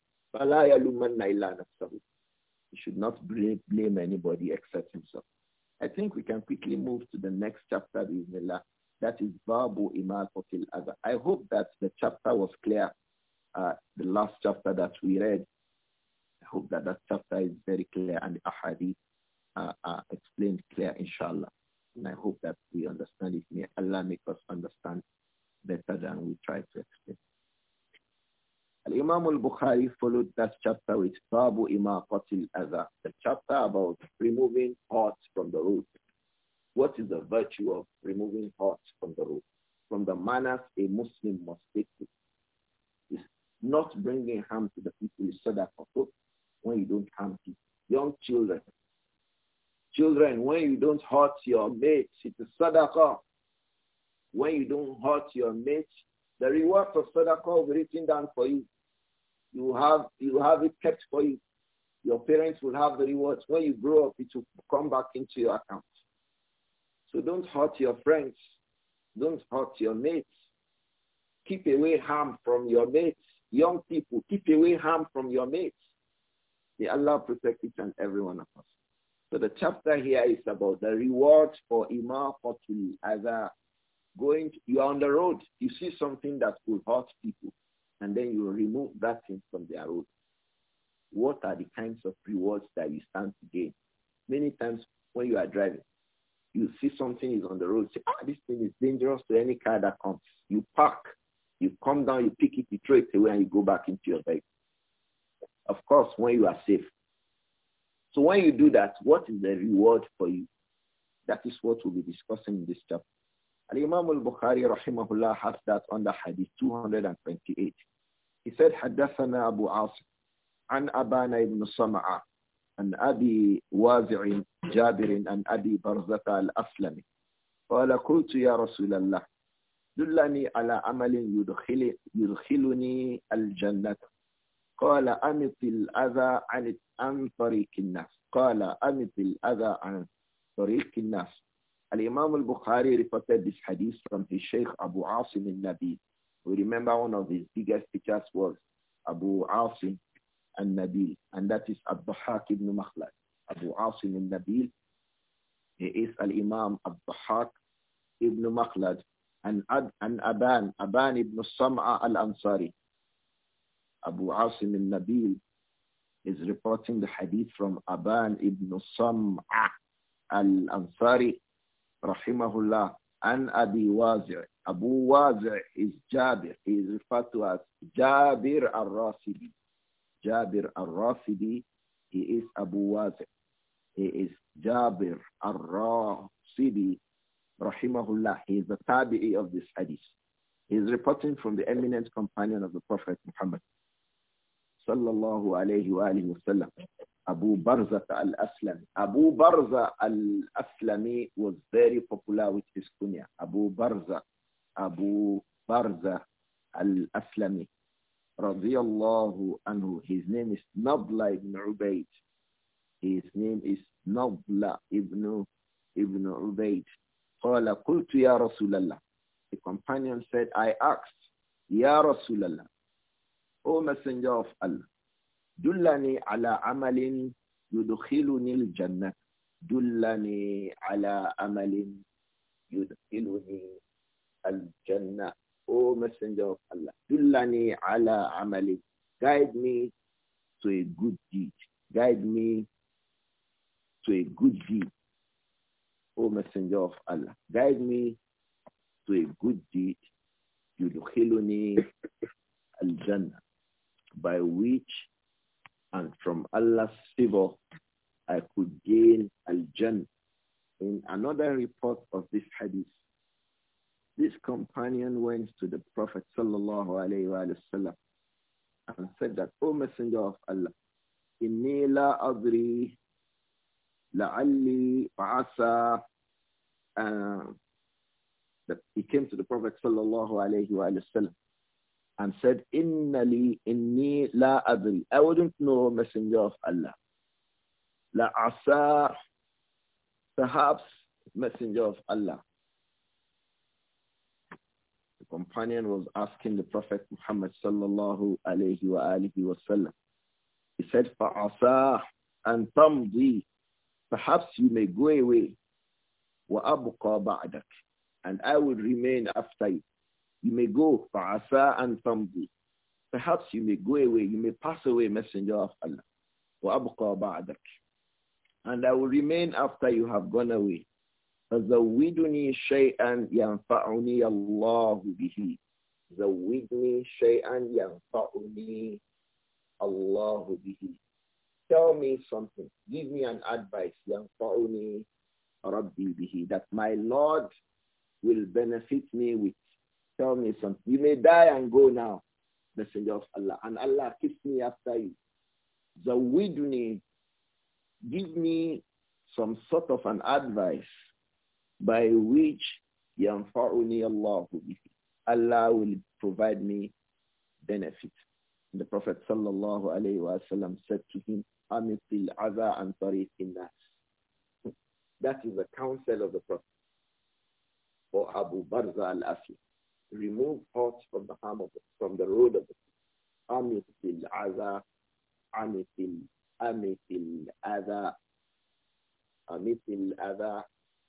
He should not blame anybody except himself. I think we can quickly move to the next chapter, Bismillah. That is Babu Imaqatil Adha. I hope that the chapter was clear, uh, the last chapter that we read. I hope that that chapter is very clear and the ahadith uh, are explained clear, inshallah. And I hope that we understand it. May Allah make us understand better than we try to explain. Al-Imam al-Bukhari followed that chapter with Babu qatil Adha, the chapter about removing parts from the road. What is the virtue of removing hurt from the roof? From the manners a Muslim must take Is not bringing harm to the people is sadaqah when you don't harm people. Young children, children, when you don't hurt your mates, it's a sadaqah. When you don't hurt your mates, the reward of sadaqah will be written down for you. You have you have it kept for you. Your parents will have the rewards. When you grow up, it will come back into your account. So don't hurt your friends. Don't hurt your mates. Keep away harm from your mates. Young people, keep away harm from your mates. May Allah protect each and every one of us. So the chapter here is about the reward for imaqatul adha. Going, to, you are on the road, you see something that will hurt people, and then you remove that thing from their road. What are the kinds of rewards that you stand to gain? Many times when you are driving, you see something is on the road. Say, ah, this thing is dangerous to any car that comes. You park. You come down, you pick it, you throw it away, and you go back into your bag. Of course, when you are safe. So when you do that, what is the reward for you? That is what we'll be discussing in this chapter. Al-Imam al-Bukhari rahimahullah has that on the hadith 228. He said, حدثنا أبو عاصم عن أبانا بن سمعة عن أبي وازع جابر عن أبي برزة الأسلمِ. قال قلت يا رسول الله دلني على عمل يدخل يدخلني الجنة قال أمط الأذى عن عن طريق الناس قال أمط الأذى عن طريق الناس الإمام البخاري reported this hadith from his Sheikh Abu Asim al-Nabi. We remember one of his biggest teachers was Abu Asim and Nabil, and that is Abduhak ibn Makhlad. Abu Asim ibn Nabil, he is Al-Imam Abduhak ibn Makhlad, and, Ad, and Aban, Aban ibn Sam'a al-Ansari. Abu Asim ibn Nabil is reporting the hadith from Aban ibn Sam'a al-Ansari, rahimahullah, and Abi Wazir. Abu Wazir is Jabir. He is referred to as Jabir al-Rasibi. Jabir al-Rafidi, he is Abu Wazir. He is Jabir al-Rafidi, rahimahullah. He is the tabi'i of this hadith. He is reporting from the eminent companion of the Prophet Muhammad. Sallallahu alayhi wa alayhi wa Abu Barza al-Aslami. Abu Barza al-Aslami was very popular with his kunya. Abu Barza. Abu Barza al-Aslami radiallahu anhu. His name is Nabla ibn Ubaid. His name is Nabla ibn, ibn Ubaid. قال قلت يا رسول The companion said, I asked, Ya رسول O Messenger of Allah, دلني على al jannah. Dullani ala على عمل al jannah." O Messenger of Allah, Dullani ala amali, guide me to a good deed. Guide me to a good deed. O Messenger of Allah, guide me to a good deed. Yudkhiluni al-Jannah, by which and from Allah's favor I could gain al-Jannah. In another report of this hadith, this companion went to the Prophet sallallahu alayhi wa sallam and said that, O Messenger of Allah, inni la adri la ali um, uh, that he came to the Prophet sallallahu alayhi wa sallam and said, Innali inni la adri. I wouldn't know messenger of Allah. La asa, perhaps messenger of Allah. The companion was asking the Prophet Muhammad sallallahu alayhi wa alihi wa sallam. He said, فَعَصَاهُ أَن تَمْضِي Perhaps you may go away. وَأَبْقَى بَعْدَكَ And I will remain after you. You may go. fasah أَن تَمْضِي Perhaps you may go away. You may pass away, Messenger of Allah. وَأَبْقَى بَعْدَكَ And I will remain after you have gone away. فزودني شيئا ينفعني الله به زودني شيئا ينفعني الله به Tell me something. Give me an advice. ينفعني ربي به That my Lord will benefit me with. Tell me something. You may die and go now, Messenger of Allah. And Allah kiss me after you. Zawiduni, give me some sort of an advice by which yanfa'uni Allah Allah will provide me benefit. And the Prophet sallallahu alayhi wa sallam said to him, Amitil adha an That is the counsel of the Prophet for Abu Barza al-Asli. Remove hearts from the harm of the, from the road of the Amitil adha, Amitil, Amitil adha, Amitil adha,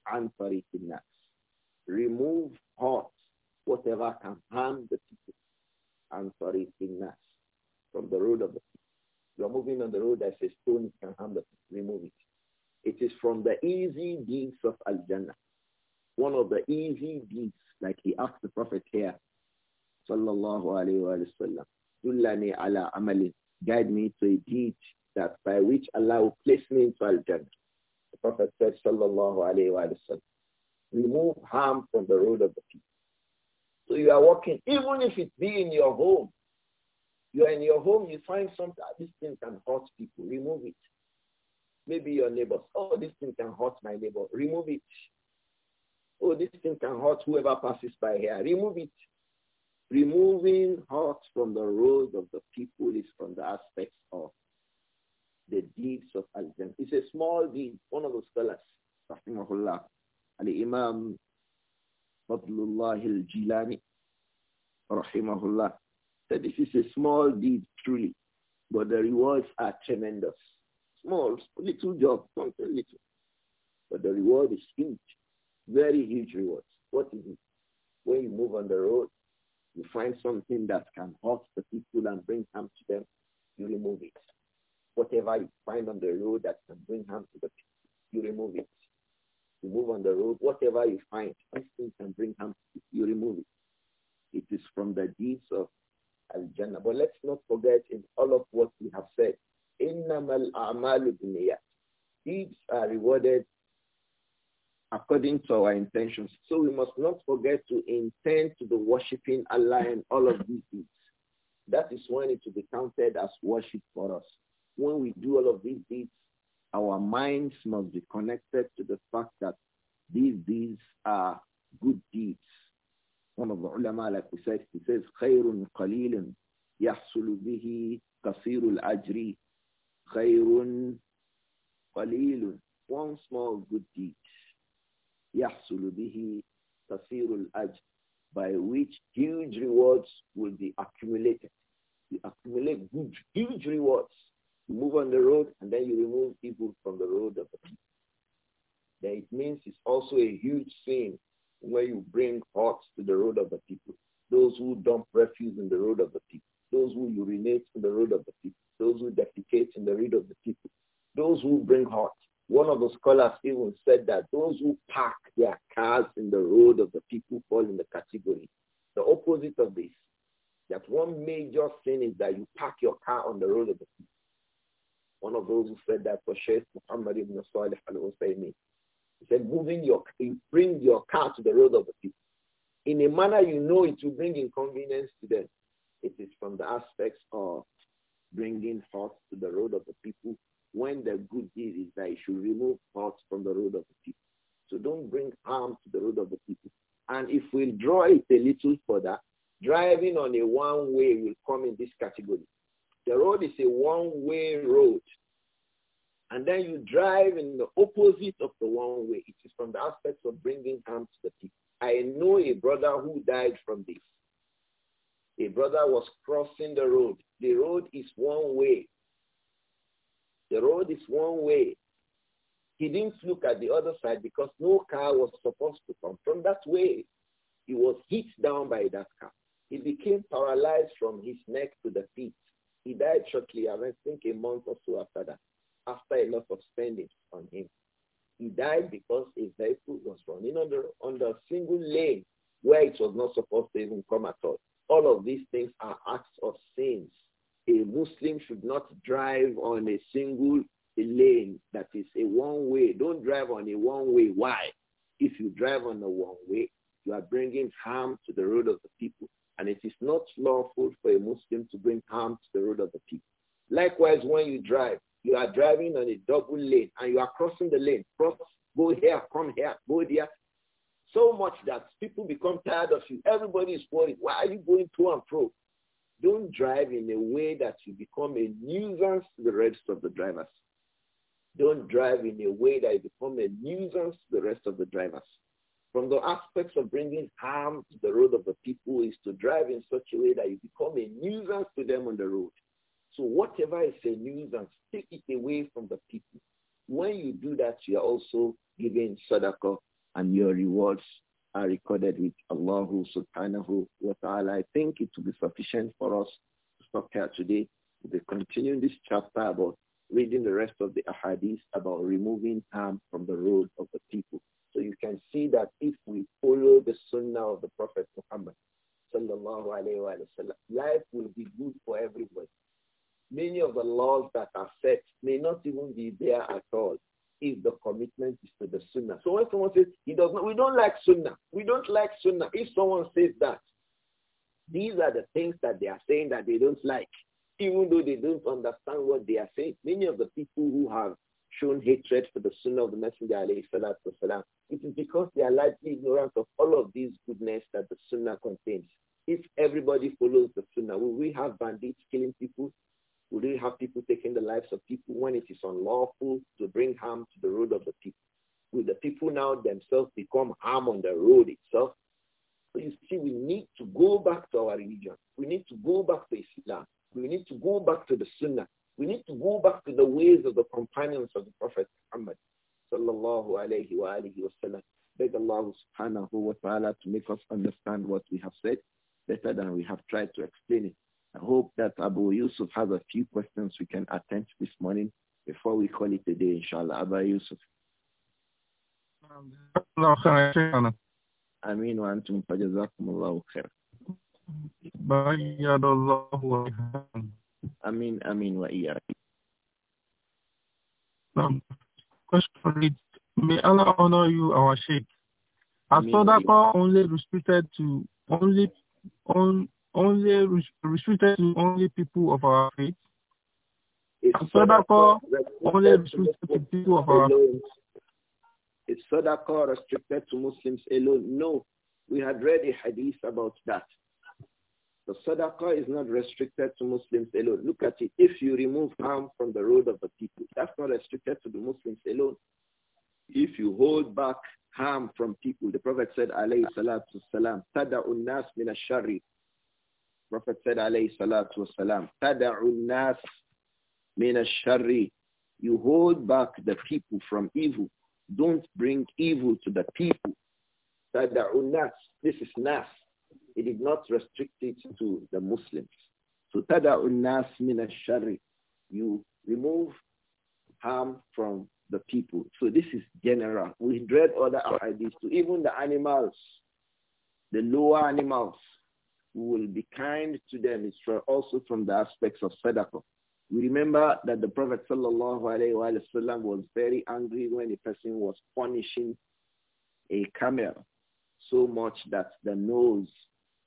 عن طريق الناس. Remove hurt, whatever can harm the people. عن it, الناس. From the road of the people. You are moving on the road that says stone can harm the people. Remove it. It is from the easy deeds of Al-Jannah. One of the easy deeds, like he asked the Prophet here, sallallahu alayhi Wasallam, dullani ala amalin, guide me to a deed that by which Allah will place me into Al-Jannah. Prophet said, sallallahu Alaihi Wasallam, remove harm from the road of the people. So you are walking, even if it be in your home. You are in your home, you find something, ah, this thing can hurt people, remove it. Maybe your neighbors, oh, this thing can hurt my neighbor, remove it. Oh, this thing can hurt whoever passes by here, remove it. Removing hurt from the road of the people is from the aspects of the deeds of al-jannah. It's a small deed. One of the scholars, rahimahullah, al-imam Fadlullah al-Jilani, rahimahullah, said this is a small deed truly, but the rewards are tremendous. Small, little job, something little. But the reward is huge, very huge rewards. What is it? When you move on the road, you find something that can hurt the people and bring harm to them, you remove it. Whatever you find on the road that can bring harm to the people, you remove it. You move on the road, whatever you find, these things can bring harm to you, remove it. It is from the deeds of Al-Jannah. But let's not forget in all of what we have said, Deeds are rewarded according to our intentions. So we must not forget to intend to the worshipping Allah and all of these deeds. That is when it will be counted as worship for us when we do all of these deeds, our minds must be connected to the fact that these deeds are good deeds. One of the ulama, like we said, he says, خَيْرٌ قَلِيلٌ يَحْصُلُ بِهِ كَثِيرُ الْأَجْرِ خَيْرٌ قَلِيلٌ One small good deed. يَحْصُلُ بِهِ كَثِيرُ الْأَجْرِ by which huge rewards will be accumulated. We accumulate huge, huge rewards you move on the road and then you remove people from the road of the people. Then it means it's also a huge sin when you bring hearts to the road of the people. Those who dump refuse in the road of the people. Those who urinate in the road of the people. Those who defecate in the road of the people. Those who bring hearts. One of the scholars even said that those who park their cars in the road of the people fall in the category. The opposite of this, that one major sin is that you park your car on the road of the people. One of those who said that for Sheikh Muhammad ibn Salih al-Husaymi. He said, moving your, you bring your car to the road of the people. In a manner you know it will bring inconvenience to them. It is from the aspects of bringing hurt to the road of the people when the good deed is that you should remove hurt from the road of the people. So don't bring harm to the road of the people. And if we draw it a little further, driving on a one-way will come in this category. The road is a one-way road. And then you drive in the opposite of the one way. It is from the aspects of bringing harm to the people. I know a brother who died from this. A brother was crossing the road. The road is one way. The road is one way. He didn't look at the other side because no car was supposed to come from that way. He was hit down by that car. He became paralyzed from his neck to the feet. He died shortly, I think a month or so after that, after a lot of spending on him. He died because his vehicle was running under, under a single lane where it was not supposed to even come at all. All of these things are acts of sins. A Muslim should not drive on a single lane that is a one-way. Don't drive on a one-way. Why? If you drive on a one-way, you are bringing harm to the road of the people. And it is not lawful for a Muslim to bring harm to the road of the people. Likewise, when you drive, you are driving on a double lane and you are crossing the lane. Cross, go here, come here, go there. So much that people become tired of you. Everybody is worried. Why are you going to and fro? Don't drive in a way that you become a nuisance to the rest of the drivers. Don't drive in a way that you become a nuisance to the rest of the drivers. From the aspects of bringing harm to the road of the people is to drive in such a way that you become a nuisance to them on the road. So whatever is a nuisance, take it away from the people. When you do that, you are also giving sadaqah and your rewards are recorded with Allah subhanahu wa ta'ala. I think it will be sufficient for us to stop here today. We'll be continuing this chapter about reading the rest of the ahadith about removing harm from the road of the people. So you can see that if we follow the sunnah of the Prophet Muhammad, sallallahu alayhi wa life will be good for everybody. Many of the laws that are set may not even be there at all if the commitment is to the sunnah. So when someone says, he does not, we don't like sunnah. We don't like sunnah. If someone says that, these are the things that they are saying that they don't like, even though they don't understand what they are saying. Many of the people who have shown hatred for the sunnah of the Messenger, alayhi it is because they are largely ignorant of all of these goodness that the Sunnah contains. If everybody follows the Sunnah, will we have bandits killing people? Will we have people taking the lives of people when it is unlawful to bring harm to the road of the people? Will the people now themselves become harm on the road itself? So you see, we need to go back to our religion. We need to go back to Islam. We need to go back to the Sunnah. We need to go back to the ways of the companions of the Prophet Muhammad sallallahu alayhi wa alihi wa sallam. Beg Allah subhanahu wa ta'ala to make us understand what we have said better than we have tried to explain it. I hope that Abu Yusuf has a few questions we can attend this morning before we call it a day, inshallah. Abu Yusuf. Amin. Wa antum وأنتم فجزاكم khair. خير بيض الله Amin. آمين آمين وإياك Question reads, May Allah honor you, our Sheikh. As Sadaqa only restricted to only on, only restricted to only people of our faith. As Sadaqa only restricted to people of our faith. Is Sadaqa restricted to Muslims alone? No. We had read a hadith about that. The sadaqah is not restricted to Muslims alone. Look at it. If you remove harm from the road of the people, that's not restricted to the Muslims alone. If you hold back harm from people, the Prophet said, alayhi salatu salam, tada'un nas min shari." Prophet said, alayhi salatu salam, tada'un nas min shari." You hold back the people from evil. Don't bring evil to the people. Tada'un nas. This is nas. He did not restrict it to the Muslims. So تَدَعُ النَّاسِ مِنَ الشَّرِّ You remove harm from the people. So this is general. We dread other ideas to even the animals, the lower animals. We will be kind to them. It's also from the aspects of sadaqah. We remember that the Prophet wasallam was very angry when a person was punishing a camel so much that the nose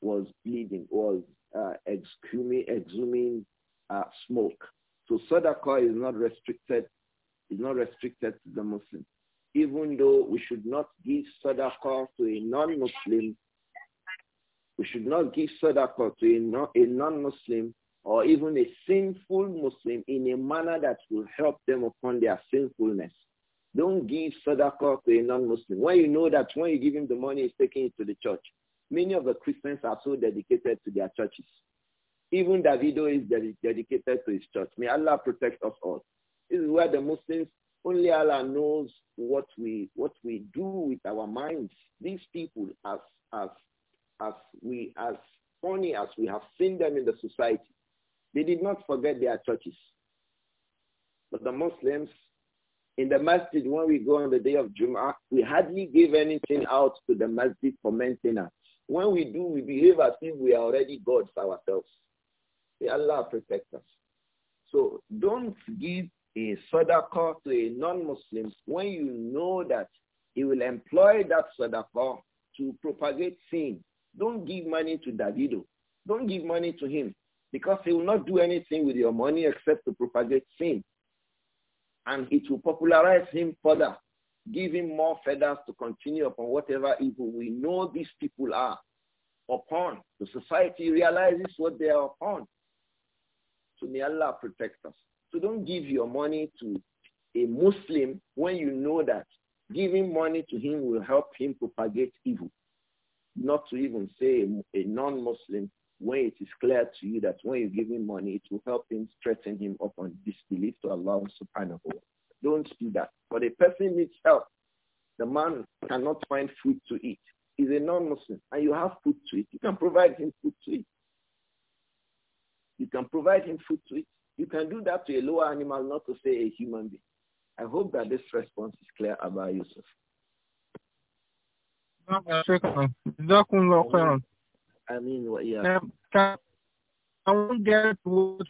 was bleeding, was uh, exhuming, exhuming uh, smoke. So sadaqah is not restricted, is not restricted to the Muslim. Even though we should not give sadaqah to a non-Muslim, we should not give sadaqah to a non-Muslim or even a sinful Muslim in a manner that will help them upon their sinfulness. Don't give sadaqah to a non-Muslim. When you know that when you give him the money, he's taking it to the church. Many of the Christians are so dedicated to their churches. Even Davido is ded dedicated to his church. May Allah protect us all. This is where the Muslims, only Allah knows what we, what we do with our minds. These people, as, as, as, we, as funny as we have seen them in the society, they did not forget their churches. But the Muslims, in the masjid, when we go on the day of Jum'ah, we hardly give anything out to the masjid for maintenance. When we do, we behave as if we are already gods ourselves. May Allah protect us. So don't give a sadaqah to a non-Muslim when you know that he will employ that sadaqah to propagate sin. Don't give money to Davido. Don't give money to him because he will not do anything with your money except to propagate sin. And it will popularize him further give him more feathers to continue upon whatever evil we know these people are upon. The society realizes what they are upon. So may Allah protect us. So don't give your money to a Muslim when you know that giving money to him will help him propagate evil. Not to even say a non-Muslim when it is clear to you that when you give him money, it will help him strengthen him upon disbelief to Allah subhanahu wa ta'ala. Don't do that. But a person needs help. The man cannot find food to eat. He's a non-Muslim and you have food to eat. You can provide him food to eat. You can provide him food to eat. You can do that to a lower animal, not to say a human being. I hope that this response is clear about Yusuf. I mean, yeah. I um, won't get what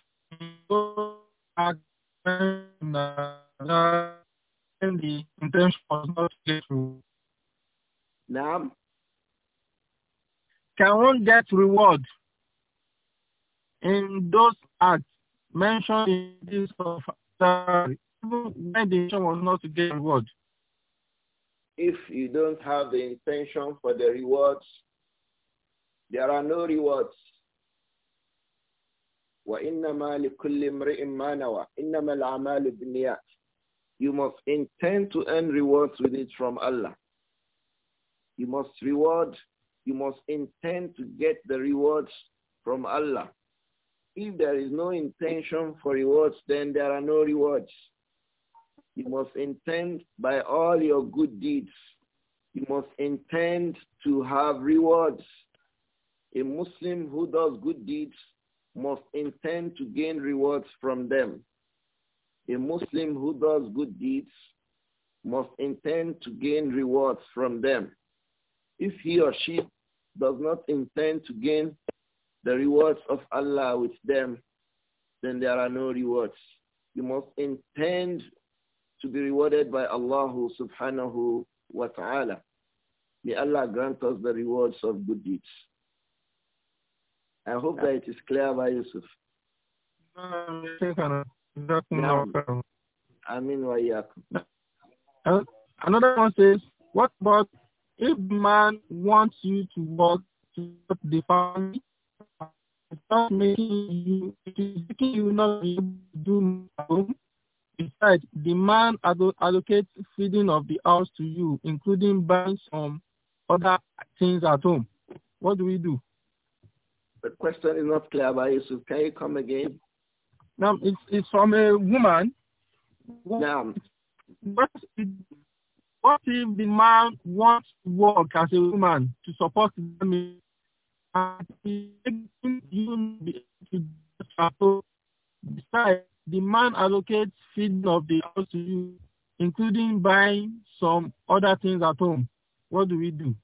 and the intention was not clear reward. Now, can one get reward in those acts mentioned in this of even when the intention was not to get reward? If you don't have the intention for the rewards, there are no rewards. وإنما لكل امرئ ما نوى إنما الأعمال بالنيات you must intend to earn rewards with it from Allah. You must reward, you must intend to get the rewards from Allah. If there is no intention for rewards, then there are no rewards. You must intend by all your good deeds. You must intend to have rewards. A Muslim who does good deeds must intend to gain rewards from them. A Muslim who does good deeds must intend to gain rewards from them. If he or she does not intend to gain the rewards of Allah with them, then there are no rewards. You must intend to be rewarded by Allah subhanahu wa ta'ala. May Allah grant us the rewards of good deeds. I hope that it is clear by Yusuf. I mean, uh, another one says, what about if man wants you to work to help the family, it's not making you, it is making you not do home. Besides, the man allocates feeding of the house to you, including buying some other things at home. What do we do? The question is not clear, but Yusuf, can you come again? No, it's, it's from a woman. Yeah. what if, what if the man wants to work as a woman to support them and Besides, the man allocates feeding of the house to you, including buying some other things at home. What do we do?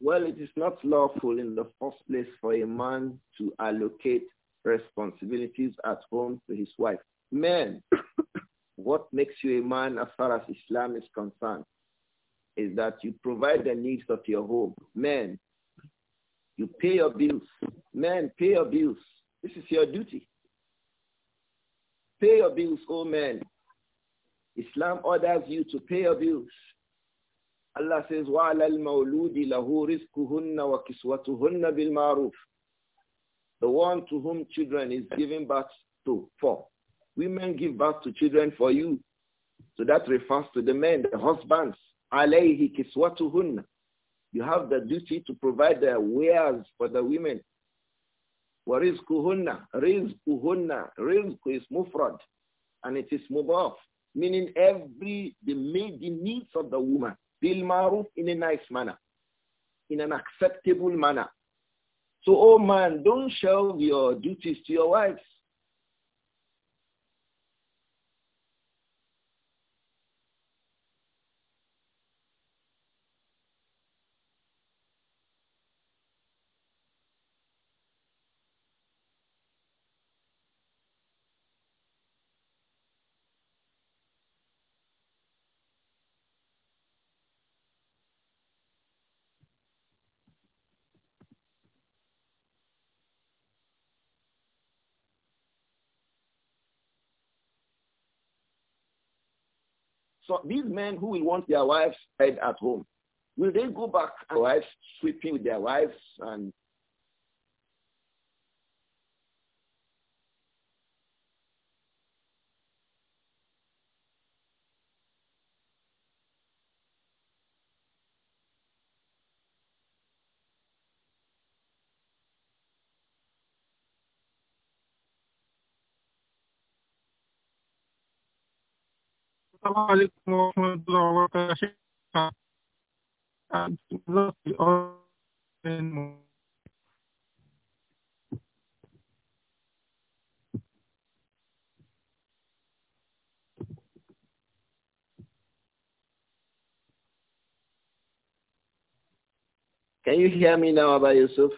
Well, it is not lawful in the first place for a man to allocate responsibilities at home to his wife. Men, <coughs> what makes you a man as far as Islam is concerned is that you provide the needs of your home. Men, you pay your bills. Men, pay your bills. This is your duty. Pay your bills, O oh men. Islam orders you to pay your bills. Allah says, وَعَلَى الْمَوْلُودِ لَهُ رِزْقُهُنَّ وَكِسْوَتُهُنَّ بِالْمَعْرُوفِ the one to whom children is giving birth to for. Women give birth to children for you. So that refers to the men, the husbands. Alayhi kiswatuhunna. You have the duty to provide the wares for the women. وَرِزْقُهُنَّ رِزْقُهُنَّ Rizq is mufrad and it is mudaf, meaning every, the, the needs of the woman. Bil in a nice manner, in an acceptable manner. So, oh man, don't shelve your duties to your wives. so these men who will want their wives fed at home, will they go back and wives sleeping with their wives and Can you hear me now, Abba Yusuf?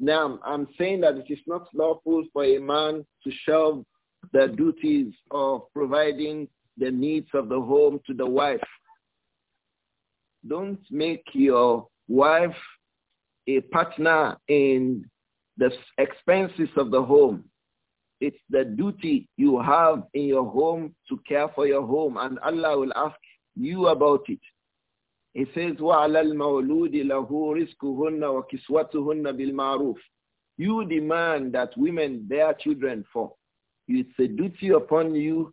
Now, I'm saying that it is not lawful for a man to shove the duties of providing the needs of the home to the wife. Don't make your wife a partner in the expenses of the home. It's the duty you have in your home to care for your home and Allah will ask you about it. He says, وَعَلَى الْمَوْلُودِ لَهُ رِزْقُهُنَّ وَكِسْوَتُهُنَّ بِالْمَعْرُوفِ You demand that women bear children for it's a duty upon you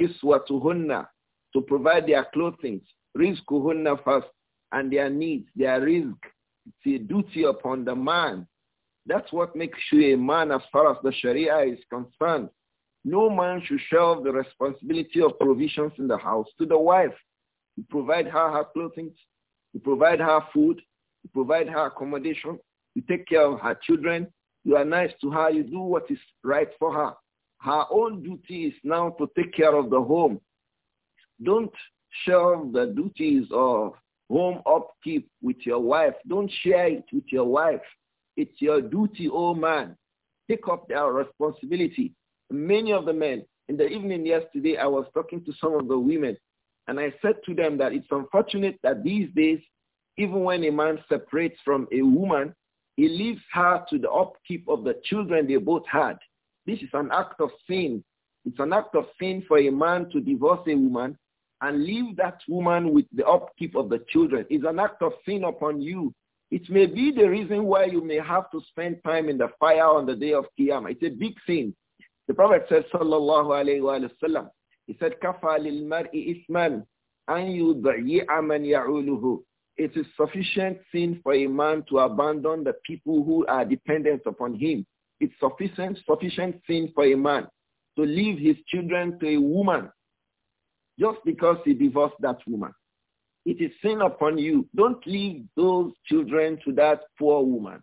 kiswatuhunna to provide their clothing, rizquhunna first, and their needs, their risk. It's a duty upon the man. That's what makes you a man as far as the Sharia is concerned. No man should shelve the responsibility of provisions in the house to the wife. You provide her her clothing, you provide her food, you provide her accommodation, you take care of her children, you are nice to her, you do what is right for her her own duty is now to take care of the home. Don't share the duties of home upkeep with your wife. Don't share it with your wife. It's your duty, oh man. Take up their responsibility. Many of the men, in the evening yesterday, I was talking to some of the women, and I said to them that it's unfortunate that these days, even when a man separates from a woman, he leaves her to the upkeep of the children they both had. This is an act of sin. It's an act of sin for a man to divorce a woman and leave that woman with the upkeep of the children. It's an act of sin upon you. It may be the reason why you may have to spend time in the fire on the day of Qiyamah. It's a big sin. The Prophet said, sallallahu alayhi alayhi wa sallam, he said, kafa lil mar'i isman an yudhi'a man ya'uluhu. It is sufficient sin for a man to abandon the people who are dependent upon him. It's sufficient, sufficient sin for a man to leave his children to a woman just because he divorced that woman. It is sin upon you. Don't leave those children to that poor woman.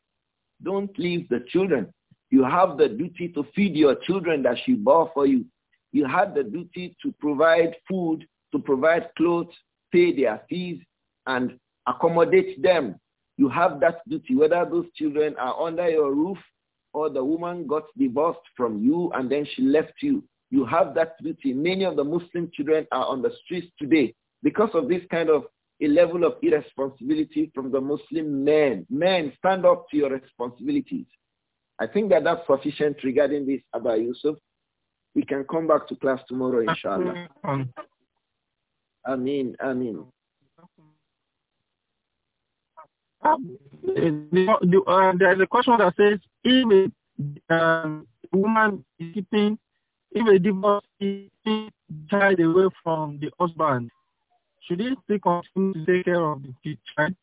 Don't leave the children. You have the duty to feed your children that she bore for you. You have the duty to provide food, to provide clothes, pay their fees, and accommodate them. You have that duty, whether those children are under your roof or the woman got divorced from you and then she left you. You have that duty. Many of the Muslim children are on the streets today because of this kind of a level of irresponsibility from the Muslim men. Men, stand up to your responsibilities. I think that that's sufficient regarding this, Abba Yusuf. We can come back to class tomorrow, inshallah. Ameen, ameen. Uh, there's a question that says if a um, woman is keeping, if a divorce is keeping child away from the husband, should he still continue to take care of the child?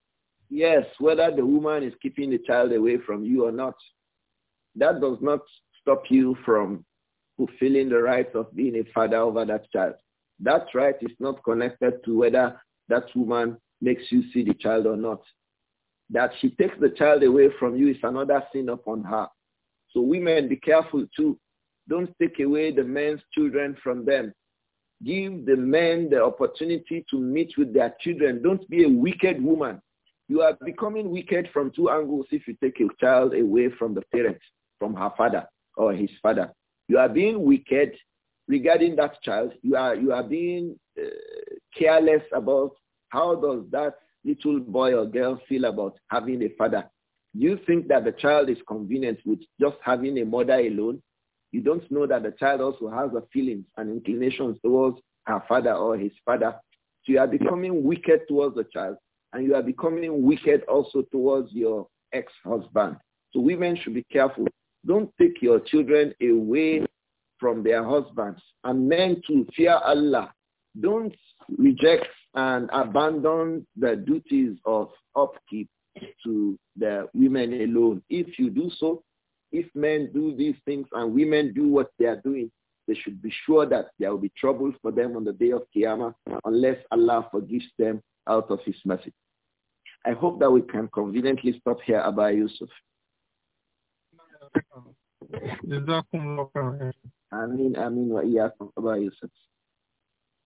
Yes, whether the woman is keeping the child away from you or not, that does not stop you from fulfilling the right of being a father over that child. That right is not connected to whether that woman makes you see the child or not that she takes the child away from you is another sin upon her. So women, be careful too. Don't take away the men's children from them. Give the men the opportunity to meet with their children. Don't be a wicked woman. You are becoming wicked from two angles if you take a child away from the parents, from her father or his father. You are being wicked regarding that child. You are, you are being uh, careless about how does that little boy or girl feel about having a father? You think that the child is convenient with just having a mother alone? You don't know that the child also has a feelings and inclinations towards her father or his father. So you are becoming wicked towards the child and you are becoming wicked also towards your ex-husband. So women should be careful. Don't take your children away from their husbands. And men too, fear Allah. Don't reject and abandon the duties of upkeep to the women alone. If you do so, if men do these things and women do what they are doing, they should be sure that there will be trouble for them on the day of Qiyamah unless Allah forgives them out of his mercy. I hope that we can conveniently stop here, Abba Yusuf. I mean, I mean, what Abba Yusuf.